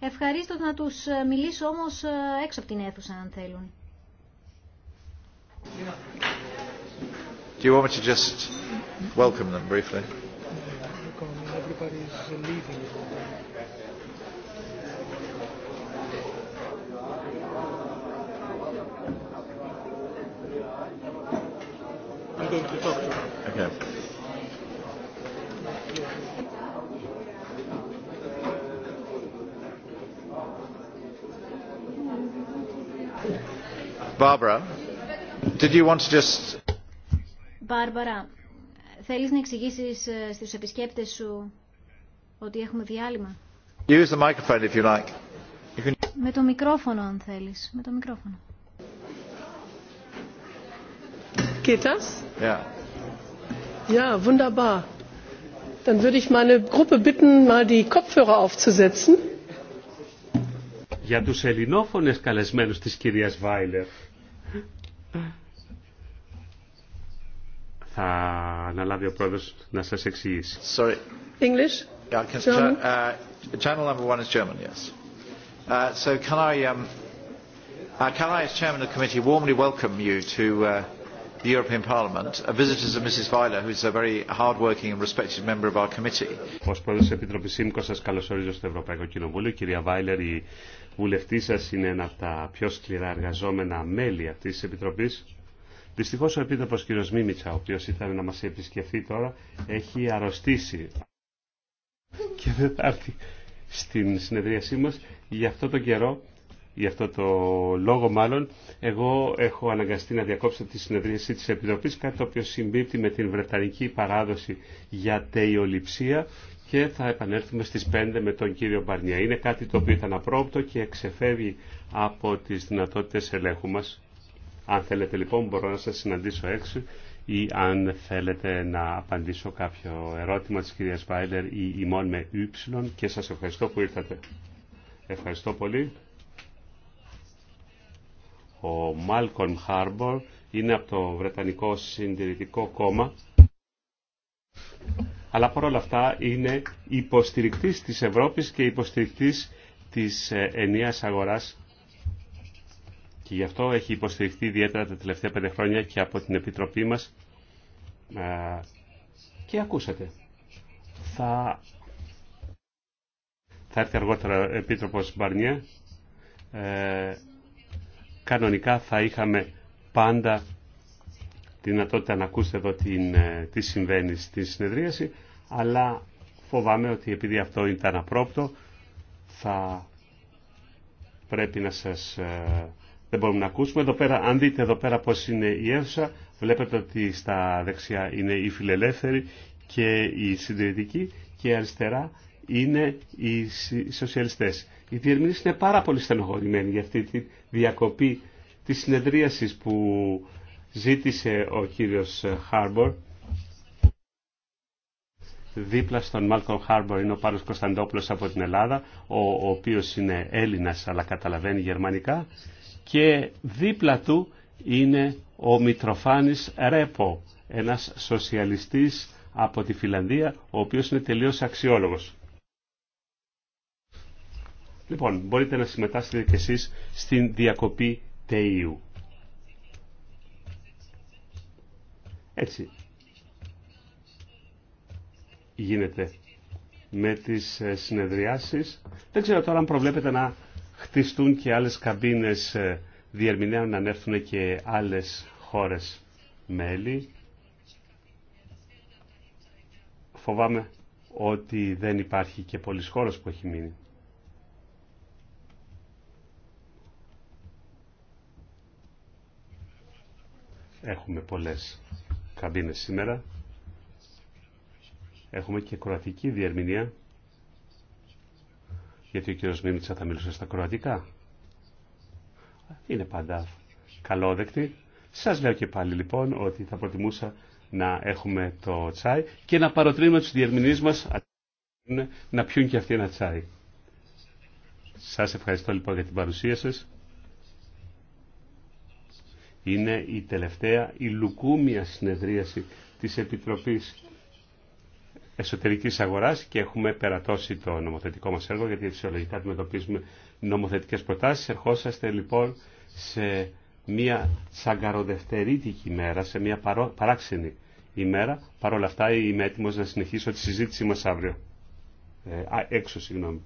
Ευχαρίστω να τους ε, μιλήσω όμως ε, έξω από την αίθουσα αν θέλουν. just welcome to talk to. Okay. Barbara, did you want to just... Barbara, θέλεις να εξηγήσεις ε, στους επισκέπτες σου ότι έχουμε διάλειμμα. Use the microphone if you like. You can... Με το μικρόφωνο αν θέλεις. Με το μικρόφωνο. Geht das? Ja. Ja, wunderbar. Dann würde ich meine Gruppe bitten, mal die Kopfhörer aufzusetzen. Για τους ελληνόφωνες καλεσμένους της κυρίας Βάιλερ. Θα αναλάβει ο πρόεδρος να σας εξηγήσει. Sorry. English? Yeah, German? Uh, channel number one is German, yes. Uh, so can I, um, uh, can I, as chairman of the committee, warmly welcome you to uh, the European Parliament. A visit to Mrs. Weiler, who is a very hard-working and respected member of our committee. Ως πρόεδρος της Επιτροπής ΣΥΜΚΟ σας καλωσορίζω στο Ευρωπαϊκό Κοινοβούλιο. Κυρία Βάιλερ, η βουλευτή σας είναι ένα από τα πιο σκληρά εργαζόμενα μέλη αυτής της Επιτροπής. Δυστυχώς ο Επίτροπος κ. Μίμητσα, ο οποίος ήταν να μας επισκεφθεί τώρα, έχει αρρωστήσει και δεν θα έρθει στην συνεδρίασή μας. Γι' αυτό τον καιρό Γι' αυτό το λόγο μάλλον εγώ έχω αναγκαστεί να διακόψω τη συνεδρίαση της Επιτροπής κάτι το οποίο συμπίπτει με την Βρετανική παράδοση για τεϊοληψία και θα επανέλθουμε στις 5 με τον κύριο Μπαρνιά. Είναι κάτι το οποίο ήταν απρόπτο και εξεφεύγει από τις δυνατότητες ελέγχου μας. Αν θέλετε λοιπόν μπορώ να σας συναντήσω έξω ή αν θέλετε να απαντήσω κάποιο ερώτημα της κυρίας Βάιλερ ή ημών με Y και σας ευχαριστώ που ήρθατε. Ευχαριστώ πολύ. Ο Μάλκον Χάρμπορ είναι από το Βρετανικό Συντηρητικό Κόμμα αλλά παρόλα αυτά είναι υποστηρικτής της Ευρώπης και υποστηρικτής της ε, ενιαίας αγοράς και γι' αυτό έχει υποστηριχθεί ιδιαίτερα τα τελευταία πέντε χρόνια και από την Επιτροπή μας και ακούσατε θα, θα έρθει αργότερα ο Επίτροπος Μπαρνιέ ε, κανονικά θα είχαμε πάντα τη δυνατότητα να ακούσετε εδώ την, ε, τι συμβαίνει στη συνεδρίαση, αλλά φοβάμαι ότι επειδή αυτό ήταν απρόπτο, θα πρέπει να σας... Ε, δεν μπορούμε να ακούσουμε. Εδώ πέρα, αν δείτε εδώ πέρα πώς είναι η αίθουσα, βλέπετε ότι στα δεξιά είναι η φιλελεύθερη και η συντηρητικοί και αριστερά είναι οι σοσιαλιστές. Οι διερμηνείς είναι πάρα πολύ στενοχωρημένοι για αυτή τη διακοπή της συνεδρίασης που ζήτησε ο κύριος Χάρμπορ. Δίπλα στον Μάλκον Χάρμπορ είναι ο Πάρος Κωνσταντόπουλος από την Ελλάδα, ο, ο οποίος είναι Έλληνας αλλά καταλαβαίνει γερμανικά και δίπλα του είναι ο Μητροφάνης Ρέπο, ένας σοσιαλιστής από τη Φιλανδία, ο οποίος είναι τελείως αξιόλογος. Λοιπόν, μπορείτε να συμμετάσχετε και εσείς στην διακοπή ΤΕΙΟΥ. Έτσι. Γίνεται με τις ε, συνεδριάσεις. Δεν ξέρω τώρα αν προβλέπετε να χτιστούν και άλλες καμπίνες ε, διερμηνέων να έρθουν και άλλες χώρες μέλη. Φοβάμαι ότι δεν υπάρχει και πολλής χώρος που έχει μείνει. Έχουμε πολλές καμπίνες σήμερα. Έχουμε και κροατική διερμηνία. Γιατί ο κύριος Μίμητσα θα μιλούσε στα κροατικά. Είναι πάντα καλόδεκτη. Σας λέω και πάλι λοιπόν ότι θα προτιμούσα να έχουμε το τσάι και να παροτρύνουμε τους διερμηνείς μας να πιούν και αυτοί ένα τσάι. Σας ευχαριστώ λοιπόν για την παρουσία σας είναι η τελευταία, η λουκούμια συνεδρίαση της Επιτροπής Εσωτερικής Αγοράς και έχουμε περατώσει το νομοθετικό μας έργο γιατί φυσιολογικά αντιμετωπίζουμε νομοθετικές προτάσεις. Ερχόσαστε λοιπόν σε μια τσαγκαροδευτερήτικη μέρα, σε μια παράξενη ημέρα. Παρ' όλα αυτά είμαι έτοιμος να συνεχίσω τη συζήτησή μας αύριο. Ε, έξω, συγγνώμη.